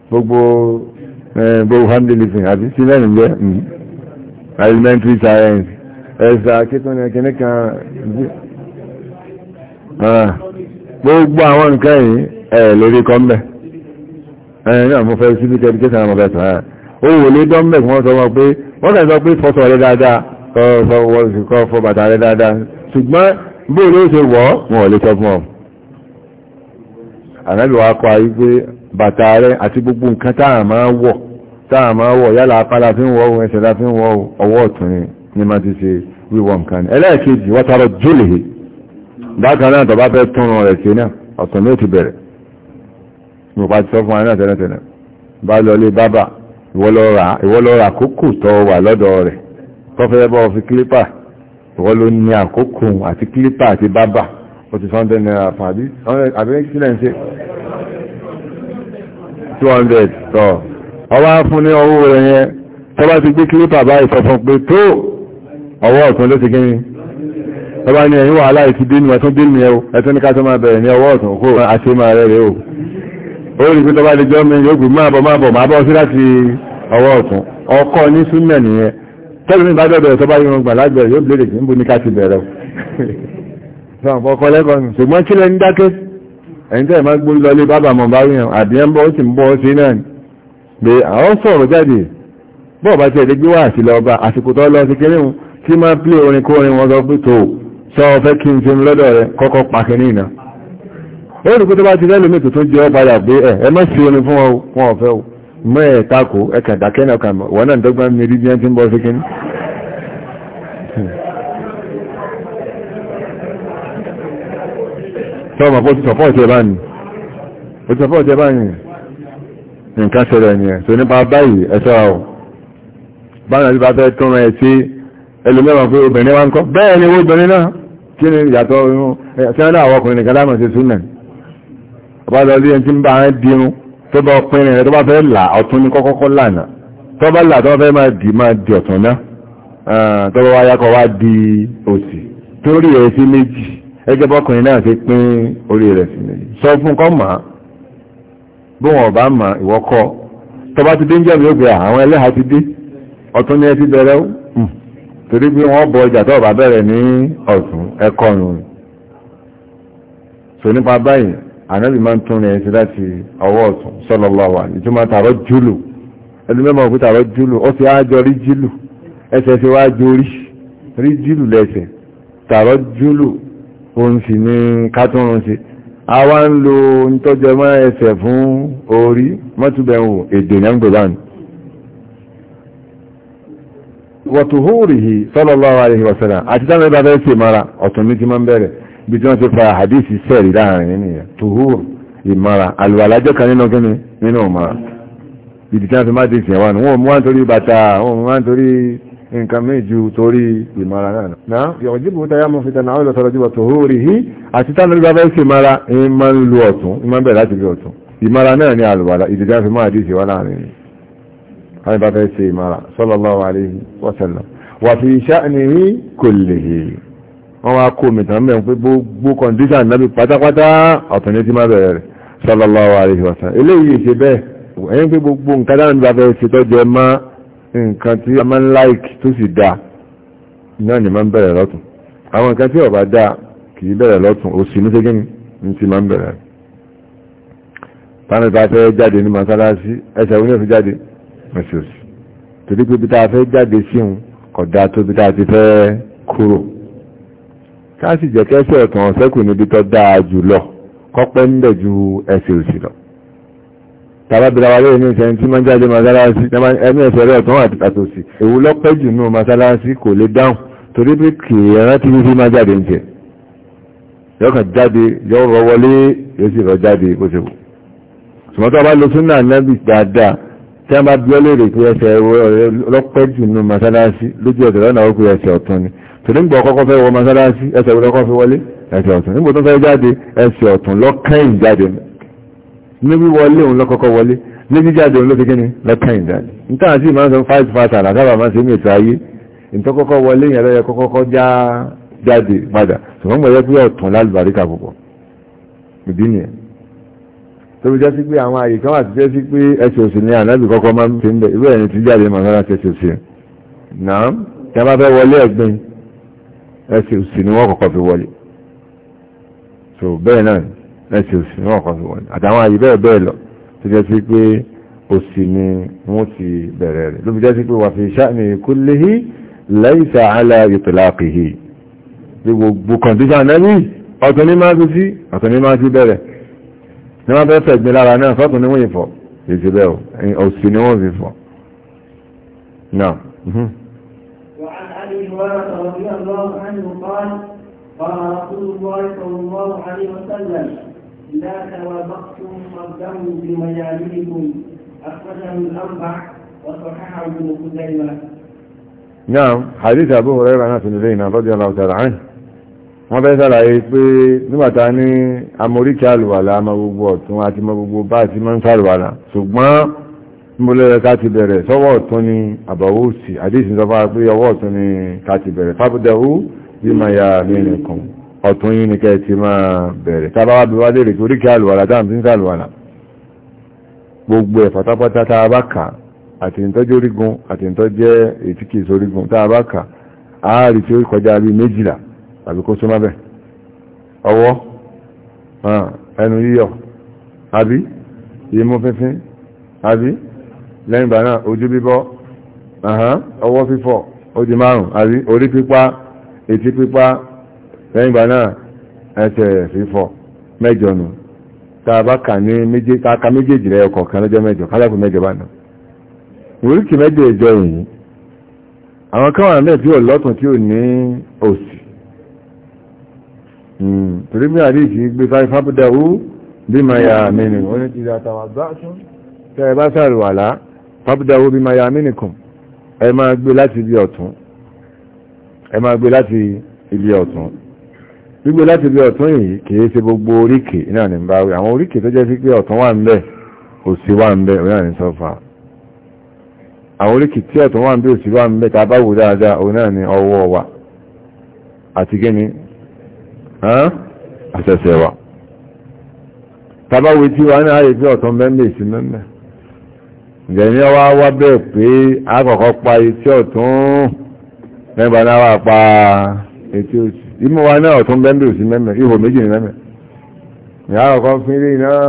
gbogbo gbogbo handy living àti sí mẹ́rin jẹ́ mm. elementary science ẹ̀sà kíkan ẹ̀kẹ́ni kan gbogbo àwọn nǹkan yìí lórí kọ́ńbẹ̀ ẹ̀ náà mo fẹ́ civic education mo fẹ́ sọ̀rọ̀ owó lé dọ́mbẹ̀ wọ́n sọ wọn pé wọ́n kàn sọ pé fọ́sọ̀ rẹ dáadáa kọ́ fọ bàtà rẹ dáadáa ṣùgbọ́n bó ló ṣe wọ́ wọn ò lè sọ fún ọ ànábì wa kọ ayé pé bàtà rẹ àti gbogbo nǹkan táà máa wọ̀ táà máa wọ̀ yálà apá la fi ń wọ̀ ẹsẹ̀ la fi ń wọ̀ ọwọ́ ọ̀tún ni ní ti ṣe wíwọ̀ nǹkan ni ẹlẹ́ẹ̀kejì wọ́n tarọ jólè bákan náà tó bá fẹ́ túnrun rẹ̀ ṣe náà ọ̀tún ló ti bẹ̀rẹ̀ mo bá ti sọ fún wa náà tẹ́lẹ̀tẹ́lẹ̀ bá lọ lé bábà ìwọ lọ ra àkókò tó wà lọ́dọ̀ rẹ̀ tó fẹ́ bọ́ fi kílípà ìwọ ló ní àkókò àti kílípà àti bábà ó ti sọ́ndẹ̀ náírà fún àbí àbí sílẹ̀ ń ṣe 200 tọ́ ọwá fún ní owó rẹ̀ yẹn tó bá ti gbé kílípà báyìí sọ fún pé tó ọwọ́ ọ̀tún ló ti gíní tó bá ní ẹ̀yìn wàhálà ìtìdínú ẹ̀tún dínú ẹ̀ ẹ̀tún ní ká tó máa bẹ̀rẹ̀ ní ọwọ́ ọ̀tún kó àṣemà rẹ̀ rẹ̀ o ó rí pín tọ́bá lè jọ mi yóò gbé máa bọ̀ máa bọ̀ máa bọ́ sí láti ọwọ́ ọ̀tún ọkọ ní súnmẹ̀ nìyẹn tẹ́lẹ̀ nígbà bẹ̀rẹ̀ tọ́bá yóò gbà lágbẹ̀rẹ̀ yóò bèèrè kí n bú ní ká ti bẹ̀rẹ̀ ọkọ lẹ́kọ̀ọ́ nù ṣùgbọ́n kí lẹ́ni dákẹ́ ẹni tẹ́ ẹ̀ máa gbórí lọlé bábà mọ̀ bá rí hàn àbí ẹ̀ ń bọ́ ó sì ń bọ́ sí náà ẹ̀rù pé tó bá ti rẹ́ lómi tó jẹ́ padà pé ẹ̀ eh, ẹ má sí orin fún wọn ọ̀fẹ́ o mọ́ ẹ̀ tako ẹ̀kà dákẹ́ náà kà mọ́ wọn náà dọ́gba mi rí bí wọ́n ti ń bọ́ sí kíní. sọ ma fọ́ ti sọ̀fọ́ ìṣẹ́ bá ní o ti sọ̀fọ́ ìṣẹ́ bá ní ni ẹ̀ tó nípa báyìí ẹ ṣọ́ra o ọba lọ rí ẹni tí ń bá ẹ dirun tó bá pinrin rẹ̀ tó bá fẹ́ là ọ̀tún ní kọ́kọ́kọ́ lànà tó bá là tó bá fẹ́ máa dì máa dì ọ̀tún náà tó bá wáyá wá di òsì torí ẹ̀ sí méjì ẹgẹ́ bọ́kùnrin náà ti pín orí rẹ̀ sí méjì sọ fún kọ́ mà bó wọn ọba mà ìwọ kọ tó bá ti dé ń jẹ́ mi ó gbé àwọn ẹlẹ́hàá ti dé ọ̀tún ni ẹ ti bẹ̀rẹ̀ ó hmm. torí pé wọ́n bọ ọjà tó ọba bẹ̀rẹ̀ ní ọ̀tún ẹ̀kọ́ nù so nípa báyìí ànábì máa ń tún rẹ̀ sí láti ọwọ́ ọ̀tún sallallahu alaihi ìtumọ̀ tààrọ́ júlù ẹni mẹ́mọ̀ òkú tààrọ́ júlù ó ti ájọ rí júlù ẹsẹ̀ ti wá jórí rí júlù lẹ́sẹ̀ tààrọ́ júlù òun sì ní kátùrún sí àwa ń lo ìtọ́jọ mọ́ ẹsẹ̀ fún orí mọ́túbẹ̀wò èdè ní àgbègbè wọ̀tùhúrìhì sallallahu alaihi wasallam àti dáná ìbáfẹ́ sí mara ọ̀tún ní ti máa ń bẹ̀rẹ̀ bí tí wọ́n ti fa àdísì sẹ́ẹ̀rí láàrin nínú ìyẹn tòhúr ìmọ̀ra àlùwàlájọ́ kan nínú kíni nínú ìmọ̀ra ibi tí wọ́n fi má dìsì ẹ̀wà nù wọ́n mú wá nítorí bàtà wọ́n mú wá nítorí nǹkan méjì torí ìmọ̀ra náà nà yọ̀wọ̀ jíbù táyà mú fìtà náà lọ́sọ̀rọ̀ jíbọ̀ tòhúrì hí àti táwọn olùgbà fẹ́ sí ìmọ̀ra ìmọ̀ ń lu ọ̀tún ìmọ̀ bẹ̀rẹ̀ láti lu ọ̀tún ìmọ̀ra náà ní àlùwàlá ìdí tí wọ́n fi má dìsì wá láàrin ni wọ́n bá fẹ́ sí ìmọ̀ra sallallahu alaihi wa sallam wọ́n wá kó mìtàn mẹ́rin pé gbogbo kọndíṣàn náà bí pátápátá ọ̀tún ní tí máa bẹ̀rẹ̀ rẹ̀ sallallahu alaihi wasallam eléyìí ṣe bẹ́ẹ̀ ẹ̀yìn pé gbogbo nǹkan dáhùn bá fẹ́ ṣe tọ́jú ẹ má nǹkan tí a máa ń láìkì tó sì dá náà ni máa ń bẹ̀rẹ̀ lọ́tún àwọn nǹkan tí ọ̀bá dá kì í bẹ̀rẹ̀ lọ́tún ó sì ní ṣe gíní ní ti máa ń bẹ̀rẹ̀ rẹ̀ tánàtà fẹ́ jáde ní masalasi ẹsẹ̀ oní òfin jáde mẹ́sì òsì torí pé bí tá a fẹ́ jáde síhun kódà tó bí tá a ti fẹ́ kúrò káàsì jẹ́ kẹ́sẹ̀ kan sẹ́kù níbi tó dáa jù lọ kọ́pẹ́ ń bẹ̀ ju ẹsẹ̀ òsì lọ tàbábìlà wà lórí ní ìṣẹ́ tí máa jáde masalasi ẹni ẹsẹ̀ rẹ̀ ọ̀tún àti àtòsí èwo lọ́pẹ́ jù nù masalasi kò lè dáhùn torí pé kì í rántí fífi máa jáde ń jẹ yọkàn jáde yọ rọ wọlé yóò sì rọ jáde bó ṣe wù sùmọ́tọ́ bá lo súnà nábì dáadáa tí a bá bí ọ lè rè pé ẹsẹ̀ lọ́pẹ́ jù nù masalasi lójú ọ̀tọ̀ lọ́nà ó pé ẹsẹ̀ ọ̀tún ni torí ń gbọ́ kọ́kọ́ fẹ́ wọ masalasi ẹsẹ̀ ìwé lọ́kọ́ fi wọlé ẹsẹ̀ ọ̀tún nígbò tó fẹ́ jáde ẹsẹ̀ ọ̀tún lọ́kàn jáde ní wíwọlé òun lọ́kọ́kọ́ wọlé ní jíjáde òun ló fi kíni lọ́kàn jáde níta àti ìmọ̀ sọ five five àlà sábà máa ń ṣe mí ètò ayé ìtọ́kọ́kọ́ wọlé yẹn lọ́yẹ kọ́kọ́ já jáde padà ṣùgbọ́n mo yẹ pé ọ̀tún lálùbáríkà púpọ̀ ìdí nìyẹn tó fi jásí pé àwọn àyè kan wà ti jásí pé ẹsẹ̀ òsì ni ànábì kọ́kọ́ máa ń fi ń bẹ̀ ìwé ẹ̀yìn ti jáde màsálà ti ẹsẹ̀ òsì náà tí a bá fẹ́ wọlé ẹ̀gbin ẹsẹ̀ òsì ni wọ́n kọ́kọ́ fi wọlé so bẹ́ẹ̀ náà ẹsẹ̀ òsì ni wọ́n kọ́kọ́ fi wọlé àtàwọn àyè bẹ́ẹ̀ bẹ́ẹ̀ lọ tó jẹ́ sí pé òsì ni wọ́n ti bẹ̀rẹ̀ rẹ̀ ló fi jẹ́ sí pé wà fi sha'ni kullihi laysa ala itlaqihi gbogbo kọ̀ǹdíṣà nẹ́bí ọ̀tún ní máa ti sí ọ̀tún ní máa ti bẹ̀rẹ̀ ní wọ́n fẹ́ fẹ̀gbin lára náà fọ́tún ní wọ́n yìí fọ̀ èsì bẹ́ẹ̀ òsì ni wọ́n fi fọ̀ náà mhm. هريرة رضي الله عنه قال قال رسول الله صلى الله عليه وسلم لا توابقتم فابدأوا بمجالسكم أخرجه الأربع وصححه ابن خزيمة نعم حديث أبو هريرة ناس لدينا رضي الله تعالى عنه wọ́n bẹ́ sàlàyé pé nígbàtà ní amoríkì àlùwàlà ma gbogbo ọ̀tún àti ma gbogbo bá àti ma ń sàlùwàlà ṣùgbọ́n mbọ́lẹ́rẹ́ ká ti bẹ̀rẹ̀ sọ́wọ́ ọ̀tún ni àbàwò sí àdíṣì ń sọfá pé ọwọ́ ọ̀tún ni ká ti bẹ̀rẹ̀ fábúdẹ̀wú bí ma ya mẹ́rin kan ọ̀tún yìí ni kẹ́ ti máa bẹ̀rẹ̀ tábáwá bí wá lè rí torí kí àlùwàlà táà fi ń sàlùwàlà gbogbo ẹ̀ pátápátá tá a bá kà àti ìtọ́jú orígun àti ìtọ́jẹ́ ètí kìí sorígun tá a bá kà á rí tí ó kọjá bí méjìlá tàbí kó súnmọ́ bẹ̀ ọwọ́ ẹnu yíyọ àbí imú fífín àbí lẹ́yìn ìgbà náà ojú bíbọ́ ọwọ́ fífọ́ ó di márùn àbí orí pípa etí pípa lẹ́yìn ìgbà náà ẹsẹ̀ fífọ́ mẹ́jọ nù tá a bá kà ní méje tá a ka méjèèjì rẹ̀ ọkọ̀ kan lọ́jọ́ mẹ́jọ kálákùn mẹ́jọ bá nà oríkì mẹ́jọ ìjọ yìí àwọn kan wà náà tí ò lọ́tún tí ò ní òsì hmm, torí bí àdéhìí gbé fáyé fábúdà wú bí màá yà mí nì ó ní ti dàtàwà gbà tún tẹ́ ẹ bá sàrùwàlá fábídáwó bí máa yàmí nìkan ẹ máa gbé láti ibi ọ̀tún ẹ máa gbé láti ibi ọ̀tún gbígbé láti ibi ọ̀tún yìí kìí ṣe gbogbo oríkè náà ní bá wí àwọn oríkè tó jẹ́ sí pé ọ̀tún wà ń bẹ̀ òsì wà ń bẹ̀ òun náà ní sọ́fà àwọn oríkè tí ọ̀tún wà ń bẹ̀ òsì wà ń bẹ̀ tá a bá wò dáadáa òun náà ní ọwọ́ wa àti kíni àtẹ̀sẹ̀ wa tá a bá wò tí wa náà rí pé ọ̀tún mẹ́mẹ́ ìsìn mẹ́mẹ́ ìjẹ̀mí ọwá wá bẹ́ẹ̀ pé àkọ́kọ́ pa etí ọ̀tún mẹ́bà náà wà pa etí òsì imú wa náà ọ̀tún bẹ́ẹ̀bẹ̀ òsì mẹ́mẹ́ ihò méjì ní mẹ́mẹ́ ìyá àkọ́kọ́ fínlé náà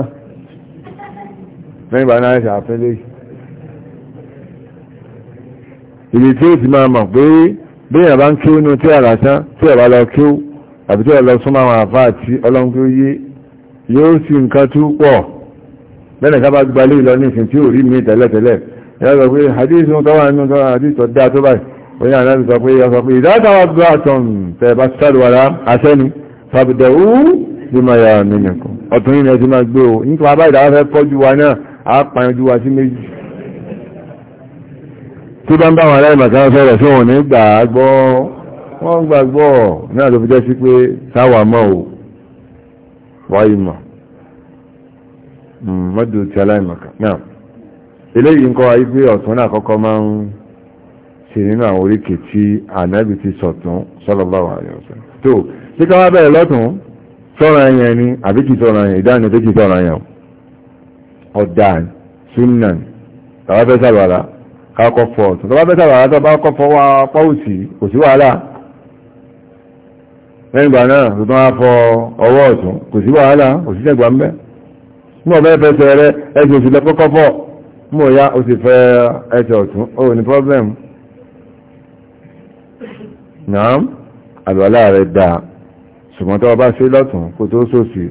mẹ́bà náà ṣàfínlé ibi tí ó ti máa mọ̀ pé bíyàn bá ń kí inú tí àlásán tí ọ̀bá lọ kí àbí tí ọ̀lọ́sún máa wà fáà tí ọlọ́run tó yé yóò sì nǹkan tó pọ̀ bẹ́ẹ̀ ká bá gbalé lọ ní ìsìn tí ò rí mi tẹ́lẹ̀tẹ́lẹ̀ yàtọ̀ pé hadith tó wà nínú tó hadith tó dá tó báyìí wọ́n yà náà sọ pé yàtọ̀ pé ìdátàwà gbàtàn tẹ̀ bá sàlùwàrà àṣẹ́nu fàbìdẹ̀wú bí máa yà nínú ọ̀tún ní ẹ̀sìn máa gbé o nípa bá ìdáwà fẹ́ kọjú wa náà mọ́dù ti aláìmọ̀kà náà eléyìí ń kọ́ ayé pé ọ̀tún náà kọ́kọ́ máa ń ṣe nínú àwọn oríkè tí ànábì ti sọ̀tún sallallahu alaihi wasallam tó tí ká wá bẹ̀rẹ̀ lọ́tún sọ́ra yẹn ni àbí kì sọ́ra yẹn ìdáhùn tó kì sọ́ra yẹn ọ̀dà súnà tàbá fẹ́ sàbàrà kákọ́ fọ́ ọ̀tún tàbá fẹ́ sàbàrà tàbá kọ́ fọ́ wá pọ́ùsì kò sí wàhálà lẹ́yìn ìgbà náà tó tán á fọ ọwọ́ ọ̀tún kò sí wàhálà kò sí tẹ̀gbà bẹ́ẹ̀ mọ̀ bẹ́ẹ̀ fẹsẹ̀ rẹ ẹsẹ̀ òsì lọ kọ́kọ́ fọ́ mọ̀ ya o sì fẹ́ ẹsẹ̀ ọ̀tún o ní pọ́blẹ́mù náà àlọ́lá rẹ̀ dà ṣùgbọ́n tó bá ṣe lọ́tún kò tó sòsì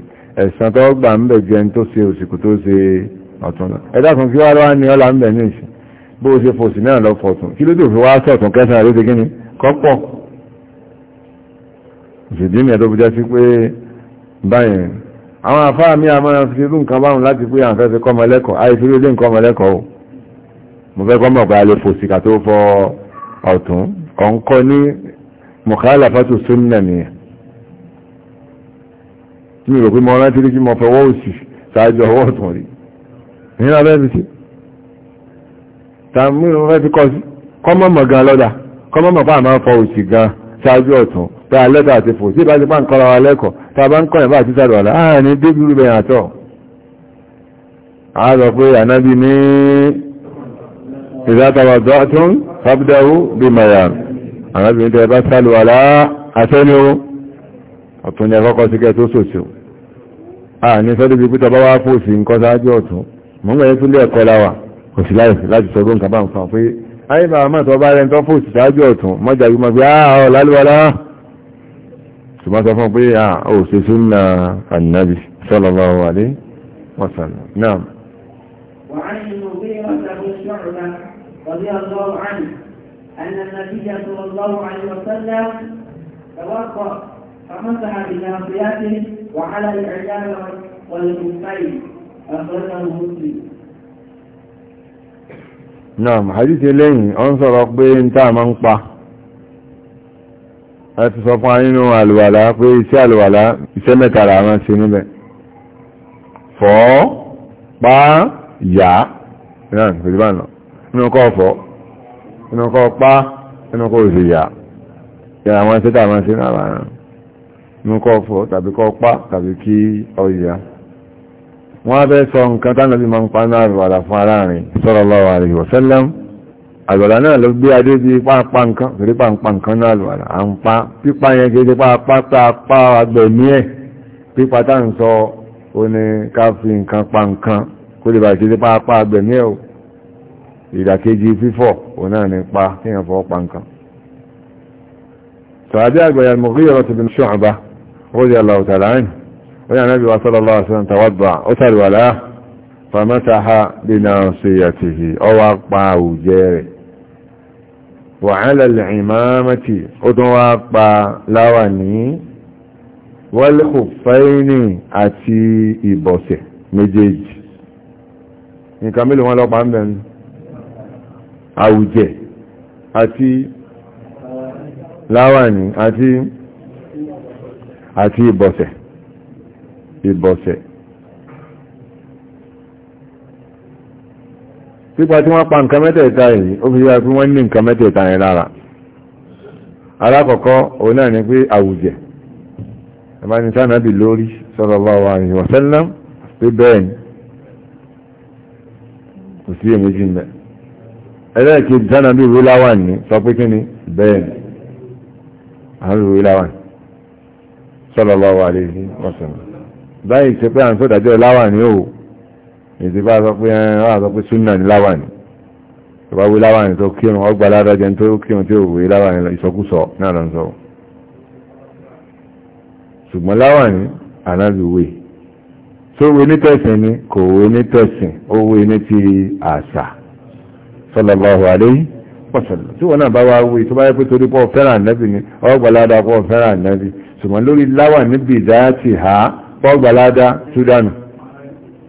ẹ̀sán tó gbà ń bẹ̀ jẹun tó ṣe òsì kò tó ṣe ọ̀tún lọ ẹ̀dá kan kí wá lọ́wọ́ ní ọ̀là ń bẹ̀ ní ìṣẹ́ bó ṣe fòsì náà lọ fọ̀tún kí ló tó fi wá sọ̀tún kẹsàn-án ló ṣe kí ni kọ́pọ̀ òṣèdí ni ẹ̀ tó fi jẹ́ sí pé báyìí àwọn àfáà mi àmọ́ ẹran fi nǹkan báhùn láti fúyà ń fẹ́ fi kọ́mọ ẹlẹ́kọ̀ọ́ àìsí ló dé nǹkan ọmọ ẹlẹ́kọ̀ọ́ o mo fẹ́ kọ́mọ ọ̀pá alẹ́ fòsì kà tó fọ ọ̀tún ọ̀nkọ́ ní mọ̀kálà fátó súnnà nìyẹn mi rò pé mo rántí rí kí mo fọwọ́ òsì ṣáájú ọwọ́ ọ̀tún rí nínú abẹ́ fi sí tàbí mo fẹ́ fi kọ́ sí mọ̀ gan lọ́dà kọ́mọ mọ̀ tá a lẹ́tọ̀ àti fò sí ìbá ti bá ń kọ́ra wa lẹ́kọ̀ọ́ tá a bá ń kọ́ra bá àti sàrọ̀ ọ̀la àní débi rúbẹ̀ àtọ̀ a sọ pé ànábì ní ìzátàwà dọ́tún fábídáwó bí màyà ànábì ní tẹ́ bá sàlùwà láà àtẹ́ni ó ọ̀tún ní ẹ̀kọ́kọ́ sí kẹ́ tó sòsò àní sọ́dọ̀ bí pítọ̀ bá wá fò sí nǹkan sáájú ọ̀tún mọ́gbẹ̀ẹ́ tó lé ẹ̀kọ́ láwà kò sí láìsí láti sọ gbọ́n kàbá nǹkan pé ayé bàbá mọ́ tọ́ bá fò sí sáájú ọ̀tún mọ́jà gbímọ̀ bí áà ọ̀ lálúwà láà ثم تفضيع أو سسنة النبي صلى الله عليه وسلم نعم وعن المغيرة بالشعبة رضي الله عنه أن النبي صلى الله عليه وسلم توقف فمسح بنافياته وعلى الاعجاب والمسلم أخرجه المسلم نعم حديث لين أنصر أقبين تاما قبه a ti sọ fún wa nínú àlùwàlá pé iṣẹ́ àlùwàlá iṣẹ́ mẹ́ta là máa ṣe níbẹ̀ fọ́ pa yá náà kò sí bá nà nínú kọ́ fọ́ nínú kọ́ pa nínú kọ́ òsì yá yàrá àwọn iṣẹ́ tá a máa ṣe náà bàrà nínú kọ́ fọ́ tàbí kọ́ pa tàbí kí ọ yá wọ́n á fẹ́ sọ nǹkan tánàbí máa ń pa náà àlùwàlá fún aláàrin sallallahu alaihi wasallam àlọ́lá náà ló gbé adé bí pápá nǹkan torí pápá nǹkan náà lọ́la à ń pa pípa yẹn kìí ṣe pápá pápá agbẹ̀mí ẹ̀ pípa tá ń sọ ó ní ká fi nǹkan pa nǹkan kó lè bá kìí ṣe pápá agbẹ̀mí ẹ̀ ìdàkejì fífọ̀ òun náà ta'ala anhu fàmátàhá dínà sí àtìhì ọwá pa òjẹ́ rẹ̀ wàhálà ìmáàmàtì ó tún wá pa láwà ní wọ́lẹ́kù fẹ́ẹ̀nì àti ìbọ̀sẹ̀ méjèèjì nǹkan mélòó wọn lọ́pàá ń bẹ̀rẹ̀ àwùjẹ àti láwàní àti àti ìbọ̀sẹ̀ ìbọ̀sẹ̀ pípa tí wọ́n pa nǹkan mẹ́tẹ̀ẹ̀ta yìí ó fi yára pé wọ́n ní nǹkan mẹ́tẹ̀ẹ̀ta yẹn lára alákọ̀ọ́kọ́ òun náà ni pé àwùjẹ̀ ẹ̀bá ni sànàbì lórí sallallahu alaihi wa sallam pé bẹ́ẹ̀ ni kò sí èméjì mẹ́ ẹlẹ́ẹ̀kejì sànàbì ìwé láwà ní sọ pé kí ni bẹ́ẹ̀ ni àwọn ìwé láwà ní sallallahu alaihi wa sallam báyìí ṣe pé à ń sọ̀dájọ́ láwà ní òwò èsì bá sọ pé ẹn wà sọ pé súnà ní láwàní tó bá wí láwàní tó kírun ọgbà ládájẹ tó kírun tí ò wé láwàní ìsọkúsọ náà lọ sọ ṣùgbọ́n láwàní ànábì wé tó wé ní tẹ̀sìn ni kò wé ní tẹ̀sìn ó wé ní ti àṣà sallallahu alaihi wasallam tí wọn náà bá wá wé tó bá yẹ pé torí pọ̀ fẹ́ràn nẹ́bì ni ọgbà ládá pọ̀ fẹ́ràn nẹ́bì ṣùgbọ́n lórí láwàní bìdáàtì ha pọ̀ gbàládá súdánù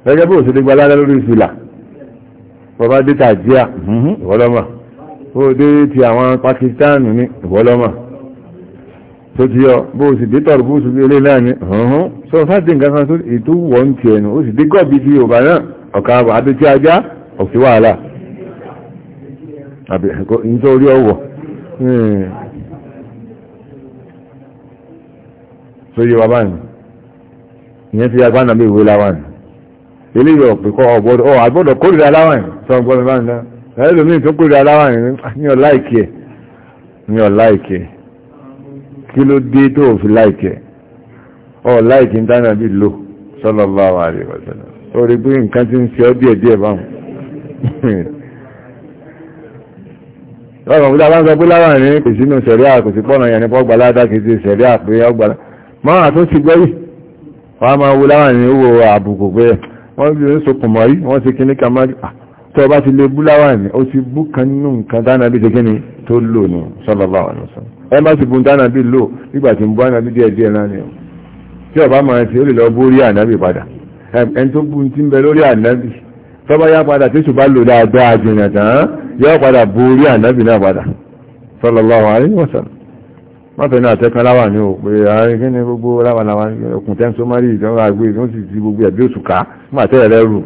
gẹ́gẹ́ bó ṣe lè gba ládá lórí ìfìlà bọ́bá dé tàjíà ìwọ́lọ́mà ó dé ti àwọn Pakistan ní ìwọ́lọ́mà tó ti yọ bó sì dé tọ̀rọ̀ bó sì dé ilé náà ní ọ̀hún sọ sáàdì nǹkan kan tó ètò wọ̀ ń tiẹ̀ nù ó sì dé gọ́ọ̀bì ti yorùbá náà ọ̀ka àbọ̀ àti tí ajá ọ̀sí wàhálà àbí nítorí ọwọ́ tó yẹ wà hmm. báyìí ìyẹn ti agbá nàbí ìwé láwàní eléyìí ọ̀pẹ̀ kọ́ ọ̀bọ̀dọ̀ ọ̀ àgbọ̀dọ̀ kórìíra aláwọ̀ yìí sọ gbọ́n mi bá ń dá ẹlòmíì tó kórìíra aláwọ̀ yìí ní ọ̀ láìkì ẹ̀ ní ọ̀ láìkì ẹ̀ kí ló dé tó o fi láìkì ẹ̀ ọ̀ láìkì ń dáná bí lò sallallahu alaihi wasallam ó rí pé nǹkan ti ń ṣe ọ́ díẹ̀ díẹ̀ báwọn. lọ́kàn fúdà bá ń sọ pé láwọn ìrìn kò sínú sẹ̀ríà kò sí pọ́nà wọ́n bí oníṣò kùmọ̀rí wọ́n ti kíní ká máa ah, tó ọba ti lè búláwà ní ó ti bú kan nínú nǹkan dáná bí jẹ́gẹ́ni tó lò ní sallallahu alaihi wasallam ẹ má ti bú dáná bí lò nígbà tí ń bú ànábì díẹ̀ díẹ̀ náà ni tí ọba máa ti ó lè lọ bórí ànábì padà ẹni tó bú ti ń bẹ lórí ànábì tọ́ba yá padà tí ṣùgbọ́n lò dáadáa jìnnà tán yọ padà bórí ànábì náà padà sallallahu alaihi wasallam mọ́fẹ̀ẹ́nà àtẹ́kan láwà ní òpè àárín kí ní gbogbo láwàláwà okùn tẹ́ ń sómárì ìjọba àgbé tó ń sì ti gbogbo ẹ̀bí òṣùká mọ́tẹ́ ẹ̀rẹ́ rù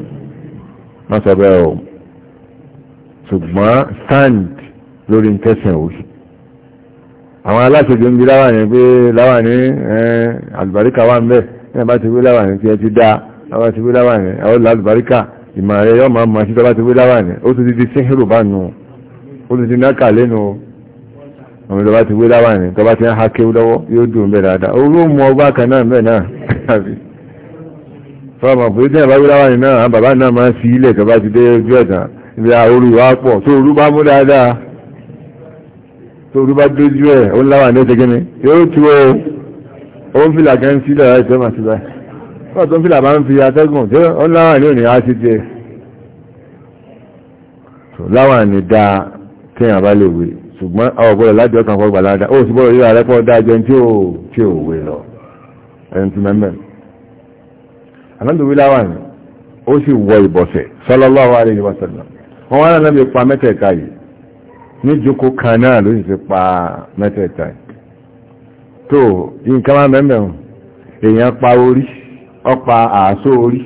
mọ́sọ̀ bẹ́ẹ̀ o ṣùgbọ́n stand lórí tẹ́sán òṣù àwọn aláṣẹjọ ń bi láwà ní pé láwà ní àlùbáríkà wà ń bẹ̀ ní àbá ti wí láwà ní tí ẹ ti dá àbá ti wí láwà ní àwọn àlùbáríkà ìmọ̀ rẹ̀ yọ ọmọ ìjọba ti wé láwà ní tọba ti ń ha kéwú lọ́wọ́ yóò dùn bẹ̀ dáadáa oró mú ọgbà kan náà bẹ̀ náà fọmọ pé tí ìbá wé láwà ní náà bàbá náà máa ń ilẹ̀ tọba ti dé ojú ọ̀tàn ibi àorú wa pọ̀ tó orú bá mú dáadáa tó orú bá dójú ẹ̀ ó láwà ní ẹsẹ̀ gẹ́ni yóò tu o ó ń fìlà kan sílẹ̀ láì tẹ́ màá sílẹ̀ kọ́ tó ń fìlà láwà ní òní á bá lè wé ṣùgbọ́n àwọn ọ̀gbọ́dọ̀ láti ọkàn fọ́ gbà láàdá ó sì bọ́rọ̀ yíra rẹ́pọ̀ dájọ́ tí ó tí ó wé lọ ẹni tí mẹ́mẹ́ aláǹdùwíláwà ni ó sì wọ ìbọ̀sẹ̀ sallallahu alaihi wasallam wọn wọn náà bí pa mẹ́tẹ̀ẹ̀ta yìí ní joko kan náà ló sì fi pa mẹ́tẹ̀ẹ̀ta yìí tó nǹkan máa mẹ́mẹ́ o èèyàn pa orí ọpa àásó orí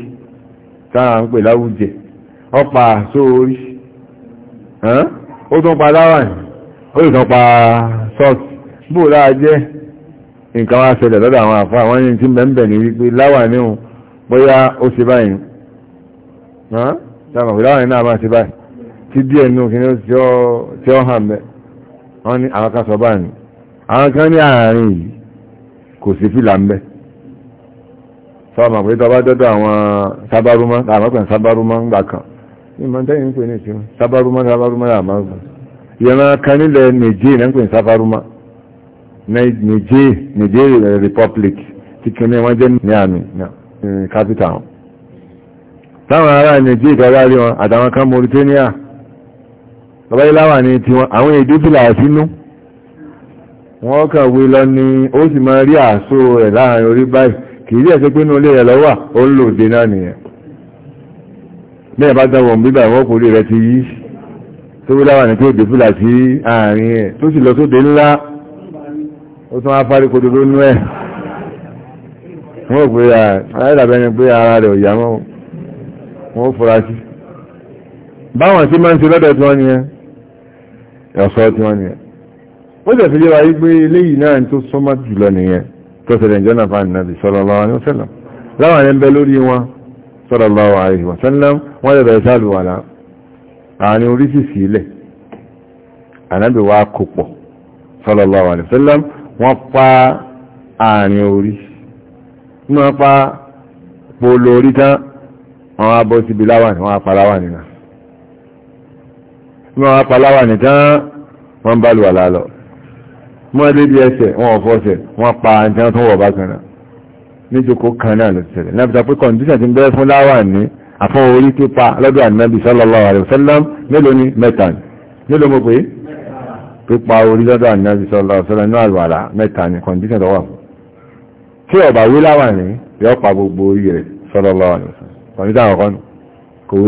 táwọn ń pè láwùjẹ ọpa àásó orí ó tún pa láwà yìí ó lè tán pa sọ́ọ̀tì bóòlá jẹ́ nǹkan wá ṣẹlẹ̀ lọ́dọ̀ àwọn àfá àwọn yìí tí bẹ̀m̀bẹ̀ ní wípé láwà níhun bóyá ó ṣe báyìí sáàmà láwà ní náà máa ṣe báyìí tí díẹ̀ nínú kí ní ó tí ó hàn bẹ́ wọ́n ní àwọn kan sọ báyìí àwọn kan ní àárín yìí kò sí fìlà ń bẹ́ sáàmà pé tọba dọ́dọ̀ àwọn sábárúmọ́ àwọn sábárúmọ́ ń gbà kan ní mọ́tẹ́yìn ń pè ní ìṣẹ́ sábárúmọ́ sábárúmọ́ làmọ́ ìran kan nílẹ̀ Niger náà ń pè ní Safaruma Niger Niger Republic tí kí ní wọ́n jẹ́ ní capital wọn táwọn ará Niger ìgbàgbà rí wọn àtàwọn kan Mauritania bàbá iláwà ní tiwọn àwọn èdè fìlà sínú wọ́n kàn wí lọ ní ó sì máa rí àṣó rẹ̀ láàrin orí báyìí kì í rí ẹ̀sẹ̀ pé inú ilé rẹ̀ lọ́wọ́ ó ń lòdè náà nìyẹn bẹ́ẹ̀ bá dáwọ̀ bíbà ìwọ́n kò rí rẹ̀ ti eh, yí tó wí láwà ní tí ó dé fìlà sí àárín ẹ̀ tó sì lọ sóde ńlá ó tún afárí kododo nú ẹ̀ wọ́n ò pé aláìdàbẹ́ ni pé ara rẹ̀ ò yá mọ́ wọ́n fura sí báwọn tí máa ń ṣe lọ́dọ̀ tí wọ́n ni ẹ ọ̀sọ́ tí wọ́n ni ó sì fi yé wa yí pé eléyìí náà tó súnmọ́ jùlọ nìyẹn tó ṣẹlẹ̀ ìjọ náà fáànì náà sallallahu alaihi wasallam láwọn ẹ̀ ń bẹ lórí wọn sallallahu alaihi wasallam wọ́n lè bẹ̀rẹ̀ sáàlù wà àárín orísìsì ilẹ̀ ànábì wa kò pọ̀ sallallahu alaihi wasallam wọ́n pa àárín orí wọ́n pa polo orí tán wọ́n á bọ́ síbi láwàní wọ́n á pa láwàní náà wọ́n á pa láwàní tán wọ́n bá lùwà lálọ́ wọ́n dé bí ẹsẹ̀ wọ́n ọ̀fọ́sẹ̀ wọ́n pa àǹtí tó wọ̀ bákan náà níjókòó kan náà lọ sílẹ̀ náà fi sọ pé kọ̀ǹdíṣà ti ń fún láwàní àfọ́n orí pípa lọ́dọ̀ ànábì sallallahu alaihi wasallam mélòó ni mẹ́ta ni mélòó mo pé pípa orí lọ́dọ̀ ànábì sallallahu alaihi wasallam ní àlùwàlá mẹ́ta ni kọ̀ǹdíṣàn tó wà fún tí ọ̀bà wí láwàní yọ́ pa gbogbo orí rẹ̀ sallallahu alaihi wasallam kọ̀ǹdíṣàn àkọ́kọ́ nù kò wí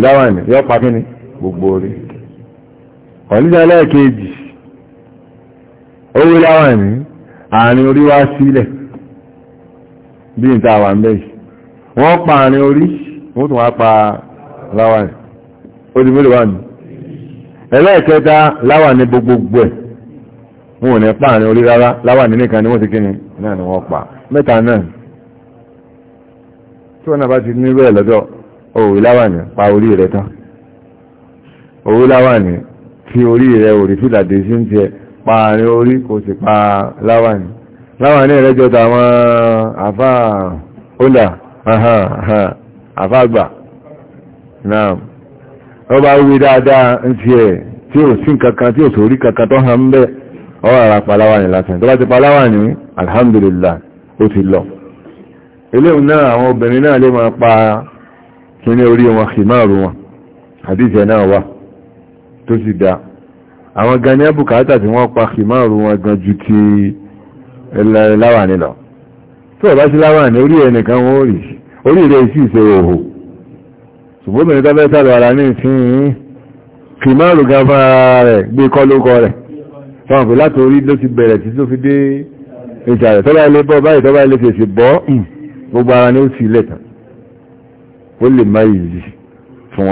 láwàní yọ́ orí wá sílẹ̀ bí n ta wà ń bẹ́ẹ̀ wọ́n pa àárín orí wọ́n tún wá pa láwàní ó di mélòó wà ní ẹlẹ́ẹ̀kẹta láwàní gbogbogbò ẹ̀ wọn ò ní pa àrin orí rárá láwàní nìkan ni wọ́n ti kíni náà ni wọ́n pa mẹ́ta náà tí wọ́n náà bá ti nírú ẹ̀ lọ́dọ̀ òwú láwàní pa orí rẹ̀ tán òwú láwàní tí orí rẹ̀ òrí fìlà dé sí ń tiẹ̀ pa àrin orí kò sì pa láwàní láwàní rẹ̀ jọ tàwọn àfáà ó dà àfàgbà náà ó bá wí dáadáa ń ti ẹ̀ tí ò sí kankan tí ò sórí kankan tó hàn bẹ́ ọwọ́ ara paláwà ní lásán tó bá ti paláwà ní alhamdulillah ó ti lọ eléhùn náà àwọn obìnrin náà lè máa pa kíní orí wọn kìmáàrù wọn àdíjẹ náà wà tó sì dá àwọn gan ní àbùkátà tí wọ́n pa kìmáàrù wọn gan ju ti láwà nílọ tó bá sí láwà ní orí ẹnìkan wọ́n rí orí rẹ̀ sì ṣe òhò ṣùgbọ́n mẹ́rin tọ́fẹ́ sàrọ̀ ara ní ìsìn kì máa rò gan fún ara rẹ̀ gbé kọ́ lókọ rẹ̀ fọ́n pé láti orí ló ti bẹ̀rẹ̀ títí tó fi dé ìsàrẹ̀ tọ́ba ilé bọ́ báyìí tọ́ba ilé fèsì bọ́ gbogbo ara ní fún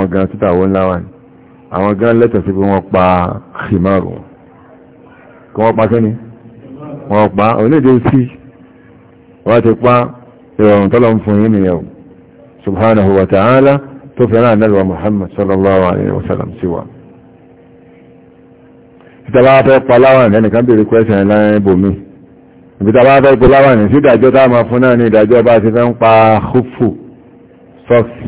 àwọn gan lẹ́tọ̀ wọ́n ti pa ìrọ̀rùn tọ́lọ ń يوم سبحانه وتعالى subhanahu wa ta'ala tó fẹ́ràn àdẹ́lùwà muhammad sallallahu alayhi wa fẹ́ paláwà ní ẹnìkan bèèrè kwẹ́sàn láàrin ibòmí ìbítàbá fẹ́ paláwà ní sí ìdájọ́ tá ma fún náà ní ìdájọ́ bá ti fẹ́ ń pa húfù sọ́ọ̀sì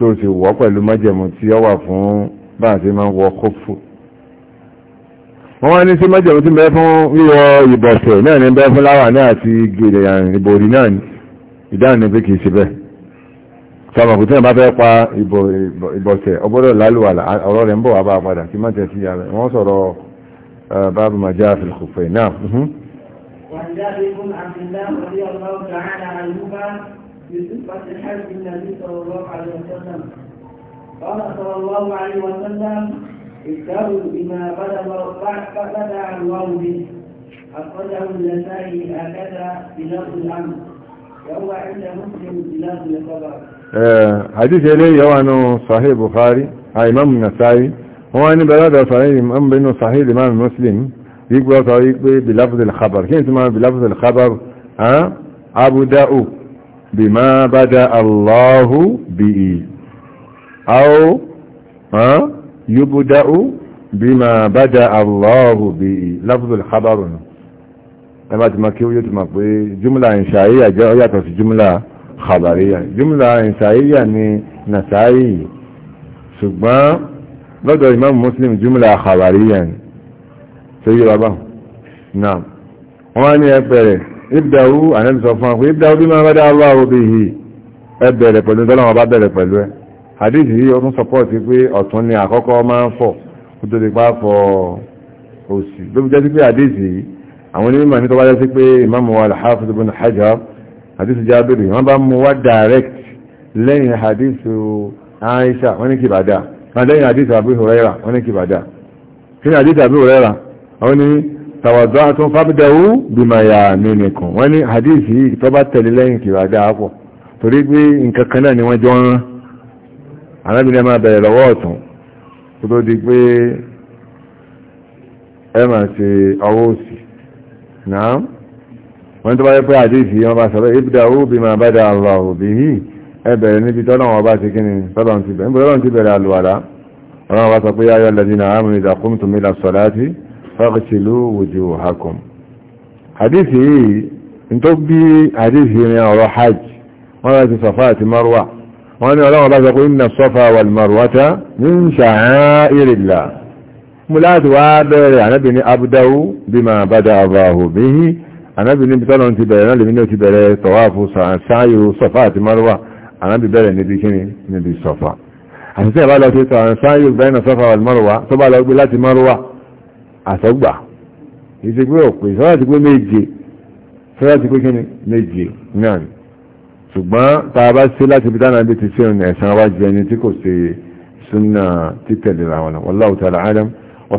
tó ti wọ́ pẹ̀lú májẹ̀mú tí ó wà fún bá àti máa ń wọ kófù wọ́n wá ní sí májẹ̀mú tí bẹ́ẹ̀ fún wíwọ ìbọ̀sẹ̀ náà ní bẹ́ẹ̀ fún láwà náà àti gèdè ìbòrí náà ní ìdáhùn ní pé kìí ṣe bẹ́ẹ̀ sábà kò tí bá fẹ́ pa ìbọ̀sẹ̀ ọgbọ́dọ̀ lálùwàlà ọ̀rọ̀ rẹ̀ ń bọ̀ wá bá padà sí ara باب ما جاء نعم بصفة حج النبي صلى الله عليه وسلم قال صلى الله عليه وسلم اتبعوا بما بدا بدا الله به أخرجه النسائي هكذا بلفظ الأمر وهو عند مسلم بلفظ الخبر آه، حديث إليه هو أنه صحيح بخاري هاي آه، إمام النسائي هو أن بلاد صحيح الإمام بأنه صحيح الإمام المسلم يقول بلفظ الخبر كيف تسمى بلفظ الخبر ها آه، أبو داوود بما بدأ الله به أو ها يبدأ بما بدأ الله به لفظ الخبر لما تمكيو يتمك جملة إنشائية جاءت في جملة خبرية جملة إنشائية نسائي ṣùgbọ́n lọ́dọ̀ imam muslim jùmlà àkàwàríyàn tó yí bàbá náà wọ́n ní ẹgbẹ̀rẹ̀ ibda'u ànẹ́bì sọ fún ọkùn ibda'u bima bada Allahu bihi ẹ bẹ̀rẹ̀ pẹ̀lú tọ́lọ́wọ́ bá bẹ̀rẹ̀ pẹ̀lú ẹ hadith yìí ọdún sọpọ́ọ̀tì pé ọ̀tún ni àkọ́kọ́ máa ń fọ̀ kó tó lè pa fọ òsì ló fi jẹ́ sí pé hadith yìí àwọn onímọ̀ ní tó wájá sí pé ìmáàmù wa al-Hafiz ibn Hajar hadith Jabir wọ́n bá mú wá direct lẹ́yìn hadith Aisha wọ́n ní kìbàdà lẹ́yìn hadith Abu Hurairah wọ́n ní kìbàdà kí ni hadith Abu Hurairah wọ́n ní tàwàdọ́tún fábídáwó bímọ̀yà mínìkùn wọ́n ní hadithi tó bá tẹ̀lé lẹ́yìn kìràdá àpọ̀ torí pé nǹkan kan náà ni wọ́n jọ rán arábìnrin máa bẹ̀rẹ̀ lọ́wọ́ ọ̀tún kó tó di pé ẹ máa ṣe ọwọ́ òsì náà wọ́n tó bá yẹ pé hadithi wọ́n bá sọ̀rọ̀ ibùdáwó bímọ̀ bádà àlọ́ òbí yìí ẹ bẹ̀rẹ̀ níbi tọ́lọ́wọ́n bá ti kí ni tọ́lọ́wọ́n ti bẹ̀rẹ̀ àlùwàlá ọlọ́wọ́n bá sọ pé yáyọ́ lẹ́dínà àmì ìdàkúntùmí làṣọ̀láti fagsilu wujuhakum hadith yìí n tó bí hadith yìí ni ọ̀rọ̀ hajj wọ́n láti safa àti marwa wọ́n ní ọlọ́wọ́ bá sọ pé inna safa wal marwata min sha'airillah mú láti wá bẹ̀rẹ̀ anábìnrin abdáwú bima bada Allahu bihi anábìnrin bitọ́lọ̀ ti bẹ̀rẹ̀ náà lèmi àtọ́gbà kìí ṣe pé òpè sọ́lá ti pé méje sọ́lá ti pé kí ni méje náà ni ṣùgbọ́n tá a bá ṣe láti bídá náà bí ti ṣe ọ̀nà ẹ̀sán wá jẹ ẹni tí kò ṣe súnà títẹ̀lé ra wọn wallahu ta'ala alam wa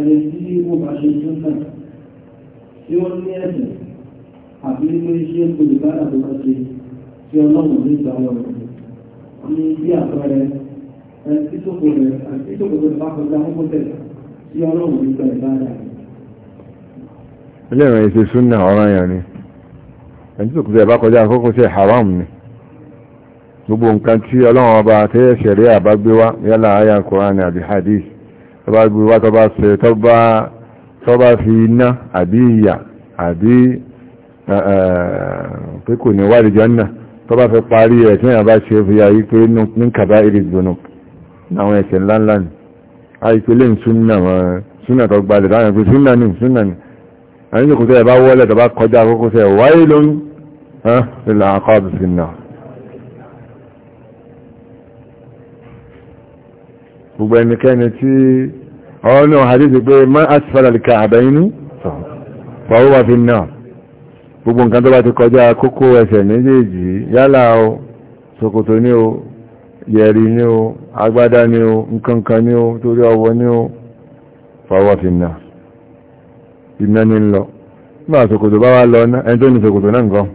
ẹni tí wọ́n bá ṣe tún náà tí wọ́n ní ẹ̀sìn àbí pé ṣé olùbárà tó bá ṣe tí ọlọ́run ní ìgbà wọn rẹ̀ ní bí àpẹẹrẹ ẹni tí tó kò rẹ̀ àti tí tó kò rẹ̀ bá kọjá mọ́kọ́ tẹ̀ tí ọlọ́run ní ìgbà ìbára rẹ̀. ilé ìrìn ìṣe súnà ọ̀ràn yẹn ni ẹni tí tó kò rẹ̀ bá kọjá àkókò tẹ̀ haram ni gbogbo nǹkan tí ọlọ́run ọba tẹ́yẹ̀ ṣẹ̀rí àbágbé wá yálà àyà Kùránì àbí hadith tọba gbé wá tọba sẹ tọba fi iná àbí ìyà àbí pé kò ní wádìí jọ́nà tọba fẹ́ parí ẹ̀ tí wọ́n bá ṣe fi ayé pé ní kàbá ìrì gbónú àwọn ẹ̀ṣẹ̀ ńláńlá ni àìpé lè súnà wọn súnà tó gbalẹ̀ láwọn pé súnà ni súnà ni àwọn ìjọkùtẹ́ ẹ̀ bá wọ́lẹ̀ tọba kọjá àkókò sẹ wáyé lóyún ẹ̀ lọ́kọ́ bí sí náà gbogbo ẹnikẹ́ni tí ọ̀rọ̀ náà hadith pé ma asfala lè ka àbẹ́yìnú fọwọ́ wà fi náà gbogbo nǹkan tó bá ti kọjá kókó ẹsẹ̀ méjèèjì yálà o ṣòkòtò ní o yẹ̀rì ní o agbádá ní o nkankan ní o torí ọwọ́ ní o fọwọ́ fi náà iná ní lọ nígbà ṣòkòtò bá wá lọ ẹni tó ní ṣòkòtò náà nǹkan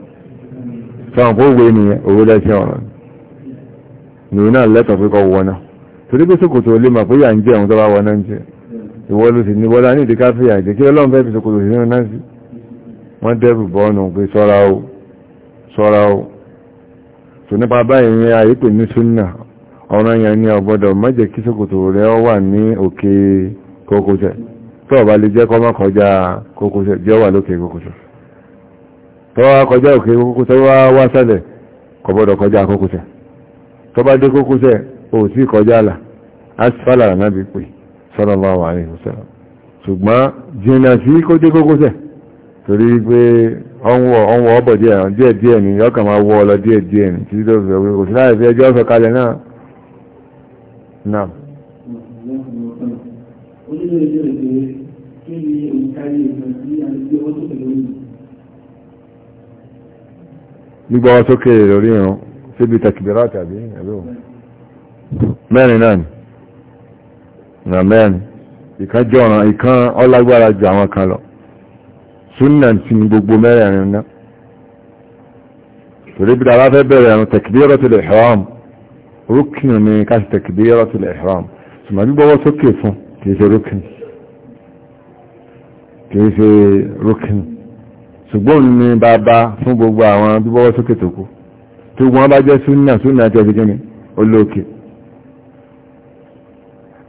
sọ̀rọ̀ fún òwe nìyẹn òwe lẹ́sẹ̀ ọ̀rọ̀ nìyẹn náà lẹ́tọ̀ọ́ fi kọ́ wọ náà torí pé sòkòtò lè mọ̀ pé yà ń jẹ́ òun tó bá wọná ń jẹ́ ìwọ ló sì ní wọ́lá ní ìdíká fi àìdí kí ọlọ́run fẹ́ fi sòkòtò sí náà sí wọ́n dẹ́bù bọ́ọ̀nù pé sọ́ra ó sọ́ra ó tò nípa báyìí ní ayé pè ní súnà ọ̀ràn yẹn ni ọ̀gbọ́dọ̀ má jẹ́ kí sòkòtò rẹ̀ ó wà ní òkè kókósẹ̀ tó ọ̀bá lè jẹ́ kó má kọjá kókósẹ̀ jẹ́ wà lókè kókósẹ̀ tó wá kọjá òkè kókósẹ̀ wá wá sálẹ̀ kò kọjá kókósẹ̀ tó bá dé kókósẹ̀ ò tí kọjá là asfala ànábì pè sallallahu alaihi wasallam ṣùgbọ́n jìnà sí kójé kókósẹ̀ torí pé ọwọ́ ọbọ̀ díẹ̀ díẹ̀ ni yọ́kà máa wọ́ ọlọ díẹ̀ díẹ̀ ni títí tó fẹ́ kò sí láì fi ẹjọ́ sọ kalẹ̀ náà náà. gbígbọ́ sókè lórí irun síbi tàkìbírà tàbí ẹ̀lú. mẹ́rin náà ni ọ̀nà mẹ́rin ìkan jẹ́ ọ̀nà ìkan ọlágbára ju àwọn kan lọ súnà tí ni gbogbo mẹ́rin náà torí bí dára fẹ́ bẹ̀rẹ̀ àwọn takbiratul ihram rúkìn ní káṣí takbiratul ihram ṣùgbọ́n gbígbọ́wọ́ sókè fún kìí ṣe rúkìn kìí ṣe rúkìn ṣùgbọ́n ní bàbá fún gbogbo àwọn gbígbọ́wọ́ sókè tó kú tí wọ́n bá jẹ́ súnà súnà tí ó fi gẹ́mi olóòkè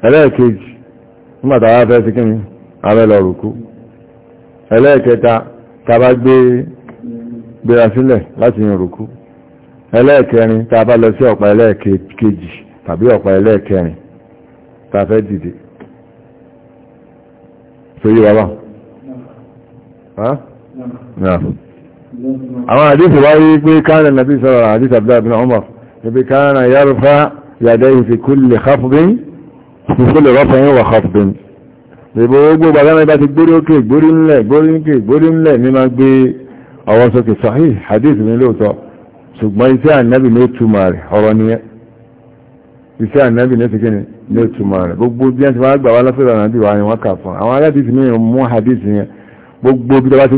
ẹlẹ́ẹ̀kejì nígbàtà wá fẹ́ sí kí ni abẹ́lọ rùkú ẹlẹ́ẹ̀kẹta tàbá gbé gbéra sílẹ̀ láti yin rùkú ẹlẹ́ẹ̀kẹrin tàbá lọ sí ọ̀pá ẹlẹ́ẹ̀kejì tàbí ọ̀pá ẹlẹ́ẹ̀kẹrin tàfẹ́ dìde tó yí wọ́n àwọn àdífò wáyé pé káàrẹ̀ nàbí sọ́rọ̀ àdífò àbúdá àbúdá ọmọ ibi káàrẹ̀ yàrùfá yàdẹ́ ìfikúlẹ̀ káfùgbín ìfúnlẹ̀ rọ́fẹ́ yín wà hafdun ìbò gbogbo bàbá bá ti gbórí òkè gbórí ńlẹ̀ gbórí òkè gbórí ńlẹ̀ ní máa gbé ọwọ́ sókè sahih hadith ní lóòótọ́ ṣùgbọ́n iṣẹ́ ànábì ní ó túmọ̀ rẹ̀ ọ̀rọ̀ nìyẹn iṣẹ́ ànábì ní ó ní ó túmọ̀ rẹ̀ gbogbo bí wọ́n ti máa gbà wá lọ́sọ̀rọ̀ ànábì wa ni wọ́n kà fún àwọn aládìsí ní mú hadith yẹn gbogbo bí wọ́n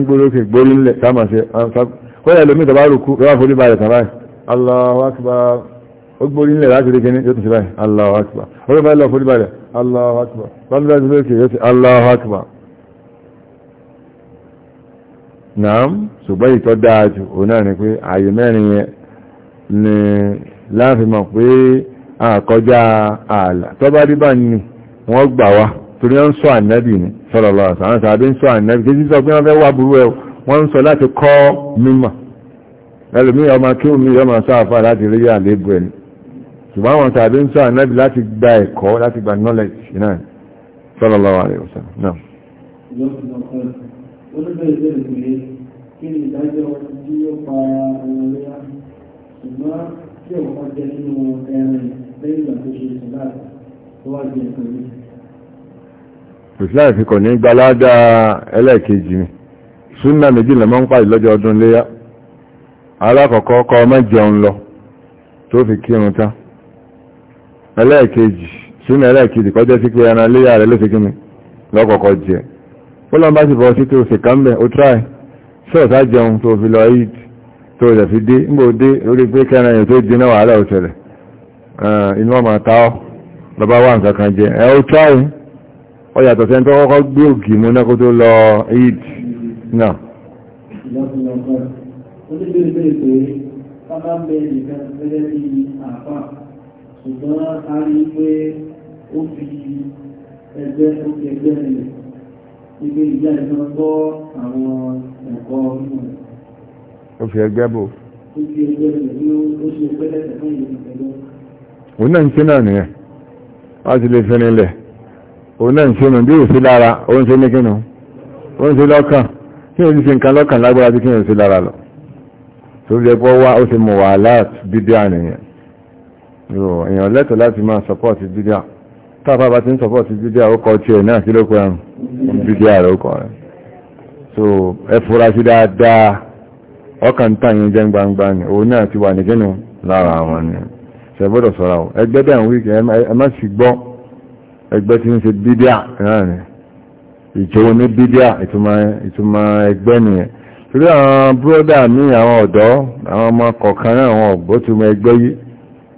ti ó gbórí nílẹ̀ láti rí kíní yóò ti ṣe báyìí Allahu Akbar orí báyìí lọ fórí balẹ̀ Allahu Akbar báyìí láti rí kíní yóò ti Allahu Akbar naam ṣùgbọ́n ìtọ́ dáa jù òun náà ni pé ààyè mẹ́rin yẹn ni láàfin mọ̀ pé àkọjá ààlà tó bá rí bá ní wọ́n gbà wá torí wọ́n ń sọ ànábì ní sallallahu alaihi wasallam tàbí ń sọ ànábì kí sísọ pé wọ́n fẹ́ wá burú ẹ wọ́n ń sọ láti kọ́ mímọ̀ ẹlòmíì ọmọ kí omi yọ máa sọ láti rí àléébù ẹni ṣùgbọ́n àwọn tàbí ń sọ ànábì láti gba ẹ̀kọ́ láti gba knowledge náà sallallahu alaihi wasallam náà. ìsìláì fi kọ̀ ní gbalada ẹlẹ́ẹ̀kejì ni súnà méjìlá máa ń pàdé lọ́jọ́ ọdún léyá alákọ̀ọ́kọ́ kọ́ ọmọ jẹun lọ tó fi kírun tán ẹlẹ́ẹ̀kejì sínú ẹlẹ́ẹ̀kejì kọjẹ́ sí pé ẹran léyà rẹ̀ ló fi kí ni, lọ́kọ̀ọ̀kọ̀ jẹ fọ́lọ́n bá sì bọ́ sí tó ṣe kán bẹ̀ ó tráì ṣọ́ọ̀tá jẹun tó fi lọ eid tó rẹ̀ fi dé ń bò dé lórí pé kẹran èyàn tó di náà wàhálà ó ṣẹlẹ̀ inú ọmọ ta ọ wà nǹkan kan jẹ ẹ ó tráì ọ yàtọ̀ sẹ́ni tó kọ́kọ́ gbé ògì mú náà kó tó lọ eid náà Oníbèrè bèrè pé, "Bá ń bẹ ìgbà gẹ́gẹ́ bí àpá ṣùgbọ́n a rí pé ó fi ẹgbẹ́ ó fi ẹgbẹ́ rẹ̀ ibi ìjà ìjọba gbọ́ àwọn ẹ̀kọ́ nínú rẹ̀. ó fi ẹgbẹ́ bò. ó fi ẹgbẹ́ rẹ̀ ní ó ṣe pẹ́lẹ́ tẹ̀lé ìgbẹ́gbẹ́. òun náà ń ṣe náà nìyẹn wọ́n ti lè fi nílẹ̀ òun náà ń ṣe nù bí ò sí lára ó ṣe ní kínú ó ṣe lọ́kàn kí o ti ṣe nǹkan lọ́kàn lágbára tí kí o sí lára lọ tó jẹ́ pọ́ wá ó ti mọ̀ wà láti bíbí àníyàn yóò èèyàn lẹ́tọ̀ láti máa sọpọ́ọ̀tì bídíà tábà bá ti ń sọpọ́ọ̀tì bídíà ó kọ tí ẹ̀ náà kí ló pẹ́ ẹ̀rùn bídíà rẹ̀ ó kọ rẹ̀ so ẹ fura sí dáadáa ọkàn tàyín jẹ́ gbangba ni òun náà ti wà nìkínú lára àwọn ni ṣẹ̀gbọ́dọ̀ sọ́ra ọ̀ ẹgbẹ́ dẹ̀ ń wí kẹ́ ẹ má sì gbọ́ ẹgbẹ́ tí ń ṣe bídíà náà ni ìjọwọ́ ní bídíà ìtumọ̀ ẹgbẹ́ nìyẹn torí àwọn búrọ́dà ní àwọn ọ̀dọ́ àwọn ọmọ kọ̀ọ̀kan náà àwọn ọ̀gbọ́tumọ̀ ẹgbẹ́ yìí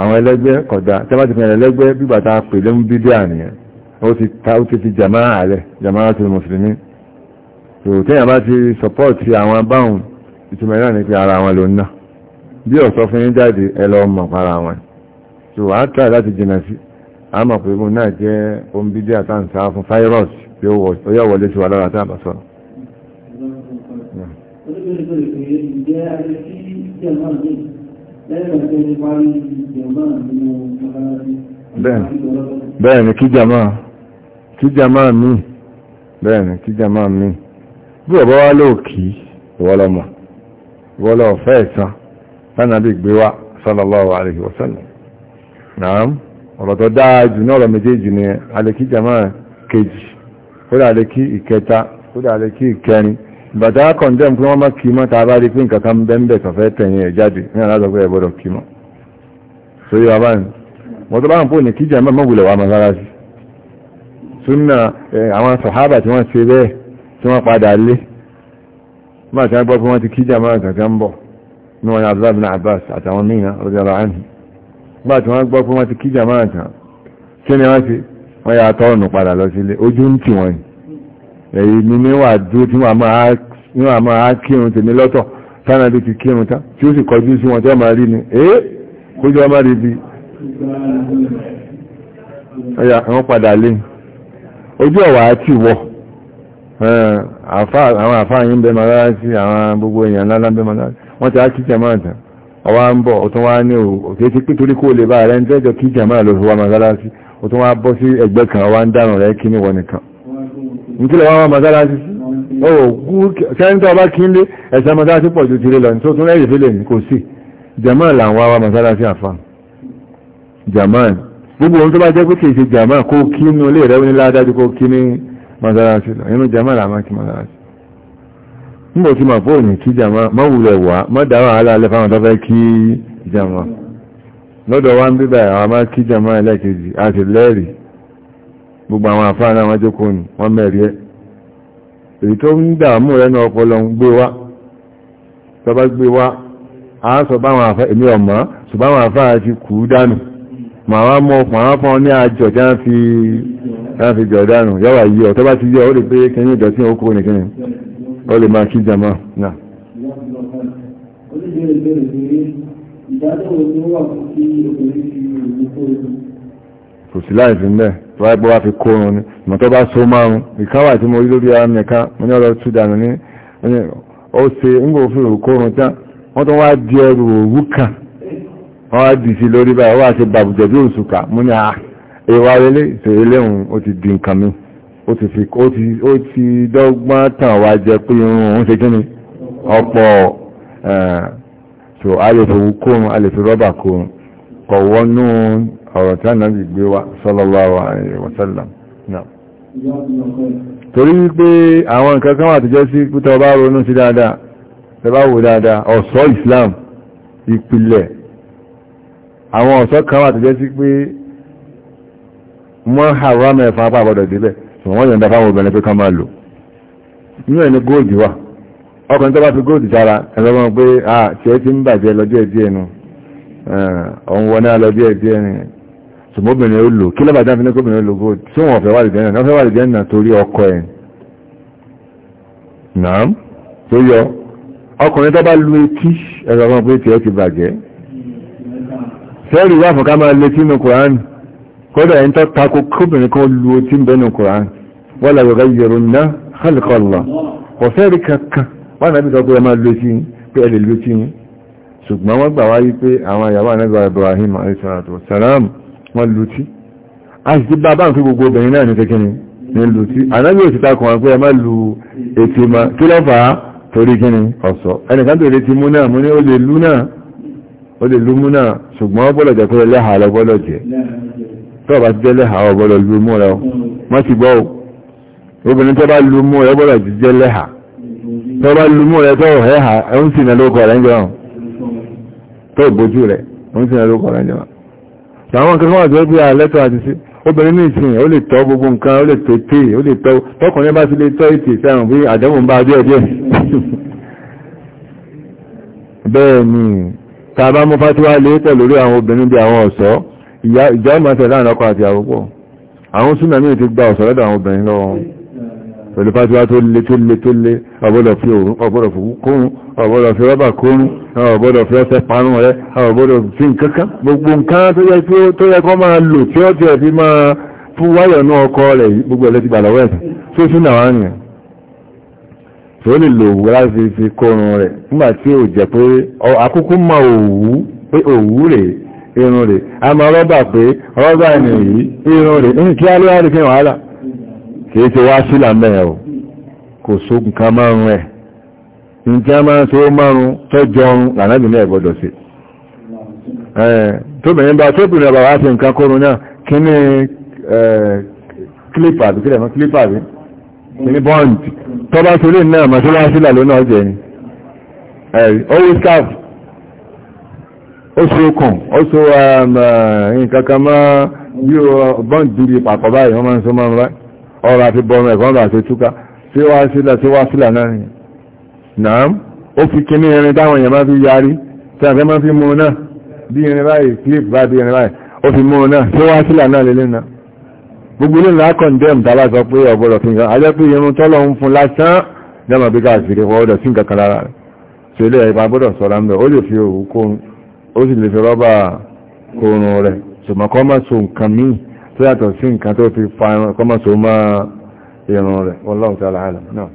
àwọn ẹlẹ́gbẹ́ kódà tẹ́bá ti pẹ̀lẹ̀ ẹlẹ́gbẹ́ bígbà tá a pè lẹ́mú bídí àníyàn ó ti ta ó ti fi jamaa àlẹ̀ jamaa ti mùsùlùmí tó tẹ́yàn bá ti sọpọ́ọ̀tì àwọn báhùn ìtumọ̀ náà ní pé ara wọn ló ń ná bí ọ̀sọ́ fún yín jáde ẹ lọ mọ̀ para wọn tó wàá tà láti jìnà sí a pé mo náà jẹ́ ohun bídí àtàǹsá fún fáírọ́ọ̀s tí ó yọ wọlé sí wa lára tá a bá sọ̀rọ̀ Thank bẹ́ẹ̀ni kí jama kí jama mi bẹ́ẹ̀ni kí jama mi bí ọ̀bá wá ló kí ìwọ́lọ́mọ̀ ìwọ́lọ́ ọ̀fẹ́ ìtàn lánàbí gbé wá sallallahu alaihi wasallam naam ọ̀rọ̀ tó dáa jù ní ọ̀rọ̀ méjèèjì ni alẹ́kí jama kejì kódà alẹ́kí ìkẹta kódà alẹ́kí ìkẹrin bàtà kọ̀ndẹ̀m kí wọ́n má kí mọ́ tàbá rí pín nǹkan kan bẹ́ẹ̀ tọ̀fẹ́ tẹ̀yìn ẹ̀ jáde ní aláàzọ̀gbẹ́ ẹ̀bọ̀dọ̀ kí mọ́ so yíwa bá ní wọ́n tó bá ń pò ní kíjà mọ́ wulẹ̀ wà mọ́sálásí súnà àwọn sọ̀hábà tí wọ́n ṣe bẹ́ẹ̀ tí wọ́n padà lé máa ṣe gbọ́ pé wọ́n ti kíjà mọ́ nǹkan kan bọ̀ ní wọn Abdullah bin Abbas àtàwọn mìíràn radiyallahu anhu gbà tí wọ́n gbọ́ pé wọ́n ti kíjà mọ́ nǹkan kí ni wọ́n ṣe wọ́n yà tọ́ọ̀nù padà lọ sílé ojú ń tì wọ́n yìí èyí ni wà dúró tí wọ́n a máa kírun tèmi lọ́tọ̀ tánà bí ti kírun tán tí ó sì kọjú sí wọn tí rí ni ee kójú ọmọ rí bí ẹ̀yà àwọn padà lè ojú ọ̀wà àti wọ̀ àwọn àfáà yìí ń ti á kí máa ọwá ń bọ̀ ọ̀tún wá ní òkè tí kó lè bá ń tẹ́jọ kí máa lọ sí máa rárá sí ọ̀tún wá nkílẹ̀ wọn wọn mọ́sálásí ó kẹ́ńtọ́ bá kí lé ẹ̀sẹ̀ mọ́sálásí pọ̀ ju tirẹ̀ lọ tó tún ẹ̀yẹ̀ fẹ́lẹ̀ ní kò sí jaman là ń wá wá mọ́sálásí àfa jaman gbogbo ohun tó bá jẹ́ pé kìí ṣe jaman kó kí nínú ilé rẹ̀ ní ládájú kó kí ní mọ́sálásí lọ inú jaman là máa kí mọ́sálásí níbo tí màá fóònù kí jaman mọ́ wulẹ̀ wá mọ́ dá wàhálà alẹ́ fáwọn tó fẹ́ kí jaman lọ́dọ̀ wá ń bíbẹ̀ àwọn máa kí jaman ẹlẹ́kejì àti lẹ́rìí gbogbo àwọn àfáà náà wọ́n jókòó ní wọ́n mẹ́rí ẹ́ èyí tó ń dààmú rẹ̀ náà ọpọlọ ń gbé wá tọba gbé wá a sọ báwọn àfáà èmi ọ̀mọ́ ṣùgbọ́n àwọn àfáà ti kú dànù màá wá mọ́ ọkùn àwọn fún ọ ní àjọ tí wọ́n fi jọ dànù yọ́wà yí ọ tọ́ba ti yọ ó lè pé kẹ́yìn ìjọ sí òkú nìkan ó lè máa kí jama náà. ìdájọ́ òṣèlú wà fún kí obìnrin fi òṣèlú kò sí láìsí mẹ́ tó wáyé pọ́ wá fi kórun ni mọ̀ tó bá so márùn ìkáwà tí mo rí lórí ara nìkan mo ní ọ̀rọ̀ tú dànù ní ó se ńgbò fún òru tán wọ́n tó wá di ẹrù òwú kan wọ́n wá dì sí lórí báyìí wọ́n wá ṣe bàbùjẹ̀ bí òṣùkà mo ní à ah, ìwà ilé ìṣèlè mi ó ti fi ó ti ó ti dọ́gbọ́n tàn wá eh, so a lè fi òwú kórun a ọ̀rọ̀ tí ànábì gbé wá sallallahu alaihi wasallam náà torí wípé àwọn nǹkan kan wà tó jẹ́ sí pútọ̀ bá ronú sí dáadáa tẹbá wò dáadáa ọ̀sọ́ Islam ìpìlẹ̀ àwọn ọ̀sọ́ kan wà tó jẹ́ sí pé wọ́n hàrá mẹ́fà apá àbọ̀dọ̀ débẹ̀ wọ́n yọ̀nda fáwọn obìnrin pé kan máa lò inú ẹni góòdì ọkùnrin tó bá fi góòdì sára ẹgbẹ́ wọn pé ah tí ó ti ń bàjẹ́ lọ́jọ́ ẹ̀dí ẹnu ọ̀hún wọná lọ́jọ́ ẹ̀dí ẹnu tùmọ́bìnrin ó lò kí lọ́bàdá fi ní kóbìnrin ó lò gold tí wọ́n fẹ́ wà lè jẹ́nà wọ́n fẹ́ wà lè jẹ́nà torí ọkọ ẹ̀ náà tó yọ ọkùnrin tó bá lu etí ẹ̀rọ ọmọ pé tí ó ti bàjẹ́ sẹ́ẹ̀rì wà fún ká máa létí nù Kùránì kódà ẹni tó tako kóbìnrin kan lu etí ń bẹ́ nù Kùránì wọ́n lọ yọ̀gá yẹ̀rọ ná khalqallah kò sẹ́ẹ̀rì kankan wọ́n náà bí sọ pé ẹ máa lu etí pé ẹ lè lu etí wọ́n lùtí a sì ti bá bá ń fi gbogbo obìnrin náà ní kékeré ní lùtí ànábì ò sì ta kọ̀ọ̀kan pé ẹ má lu ètè ma kí ló fà á torí kíni ọ̀sọ̀ ẹnìkan tó lè ti mú náà mú ní ó lè lú náà ó lè lú mú náà ṣùgbọ́n ó gbọ́dọ̀ jẹ́ pé lẹ́hà lọ jẹ́ tó ti jẹ́ lẹ́hà ọ gbọ́dọ̀ mú rẹ má ti gbọ́ obìnrin tó bá lu mú rẹ gbọ́dọ̀ ti jẹ́ lẹ́hà tó bá lu mú rẹ tó ẹ̀hà ẹ̀ ń sìn lórúkọ rẹ̀ ń jẹun tó bójú rẹ̀ ń sìn lórúkọ rẹ̀ ń jẹun àwọn nǹkan kan wà tó gbé àlẹ́tọ̀ àti sí obìnrin ní ìsìn ó lè tọ́ gbogbo nǹkan ó lè tètè ó lè tọ́ tọkùnrin bá sí lè tọ́ ètè sẹ́rùn bí àdẹ́wò ń bá díẹ̀ díẹ̀ bẹ́ẹ̀ ni ta bá mú fátíwá lè tẹ̀ lórí àwọn obìnrin bí àwọn ọ̀ṣọ́ ìjọ ìmọ̀ọ́sẹ̀ láàrin ọkọ àti àwòpọ̀ àwọn súnmọ̀ mi ti gba pẹ̀lú fàtíwá tó le tó le tó le ọ̀bọ̀dọ̀ fi òun ọ̀bọ̀dọ̀ fi kóhun ọ̀bọ̀dọ̀ fi rọ́bà kóhun ọ̀bọ̀dọ̀ fi ọ̀sẹ̀ parun rẹ̀ ọ̀bọ̀dọ̀ fi nkankan gbogbo nǹkan tó yẹ kó máa lò tí ó tiẹ̀ fi máa fún wáyọ̀ náà ọkọ rẹ̀ gbogbo ẹ̀lẹ́ti gbàlọ́wọ́ ẹ̀sìn tó sún náà wọ́n yàn tó lè lò wù láti fi kìí ṣe wá sílà mẹ́ ọ̀ kò sókùn ká márùn ẹ̀ tí a máa ṣe ó márùn tọ́jọ ọrùn lànàbì náà gbọ́dọ̀ sí tóbìnrin bá tóbìnrin bá wá sí nǹkan kórun náà kí ní clipper bí kílẹ̀ clipper kí ní bond tó bá torí náà mà tó wá sílà ló náà jẹ ni owó scarf ó so okùn ó so um, nǹkan kan mọ́ bí bond bí pàpọ̀ báyìí wọ́n máa ń so márùn báyìí ọ̀rọ̀ àti bọ́ọ̀mù ẹ̀kọ́ ọ̀rọ̀ àti túká tí wá sílẹ̀ tí wá sílẹ̀ náà ni náà ó fi kíní irin táwọn èèyàn máa fi yarí tí àfẹ́ máa fi mú náà bí irin báyìí clip bá bí irin báyìí ó fi mú náà tí wá sílẹ̀ náà lélẹ́ náà gbogbo ilé ńlá condemn tàbá sọ pé ọ̀gbọ́dọ̀ fi nǹkan ajẹ́ pé irun tọ́lọ̀ ń fún lásán jẹ́mọ̀ bí káàkiri ọ̀gbọ́dọ̀ sí nǹkan kan lára rẹ̀ ṣe ilé ẹ̀yà gbọ́dọ̀ sọ̀rọ̀ mẹ́ ó lè fi òwú kórun ó sì lè fi rọ́bà kórun rẹ̀ ṣùgbọ́n kọ́ tó yàtọ̀ sí nǹkan tó fi fa ẹran kọ́mọ̀ tó mọ́ ìrùn rẹ̀ wọ́n tó aláàlá náà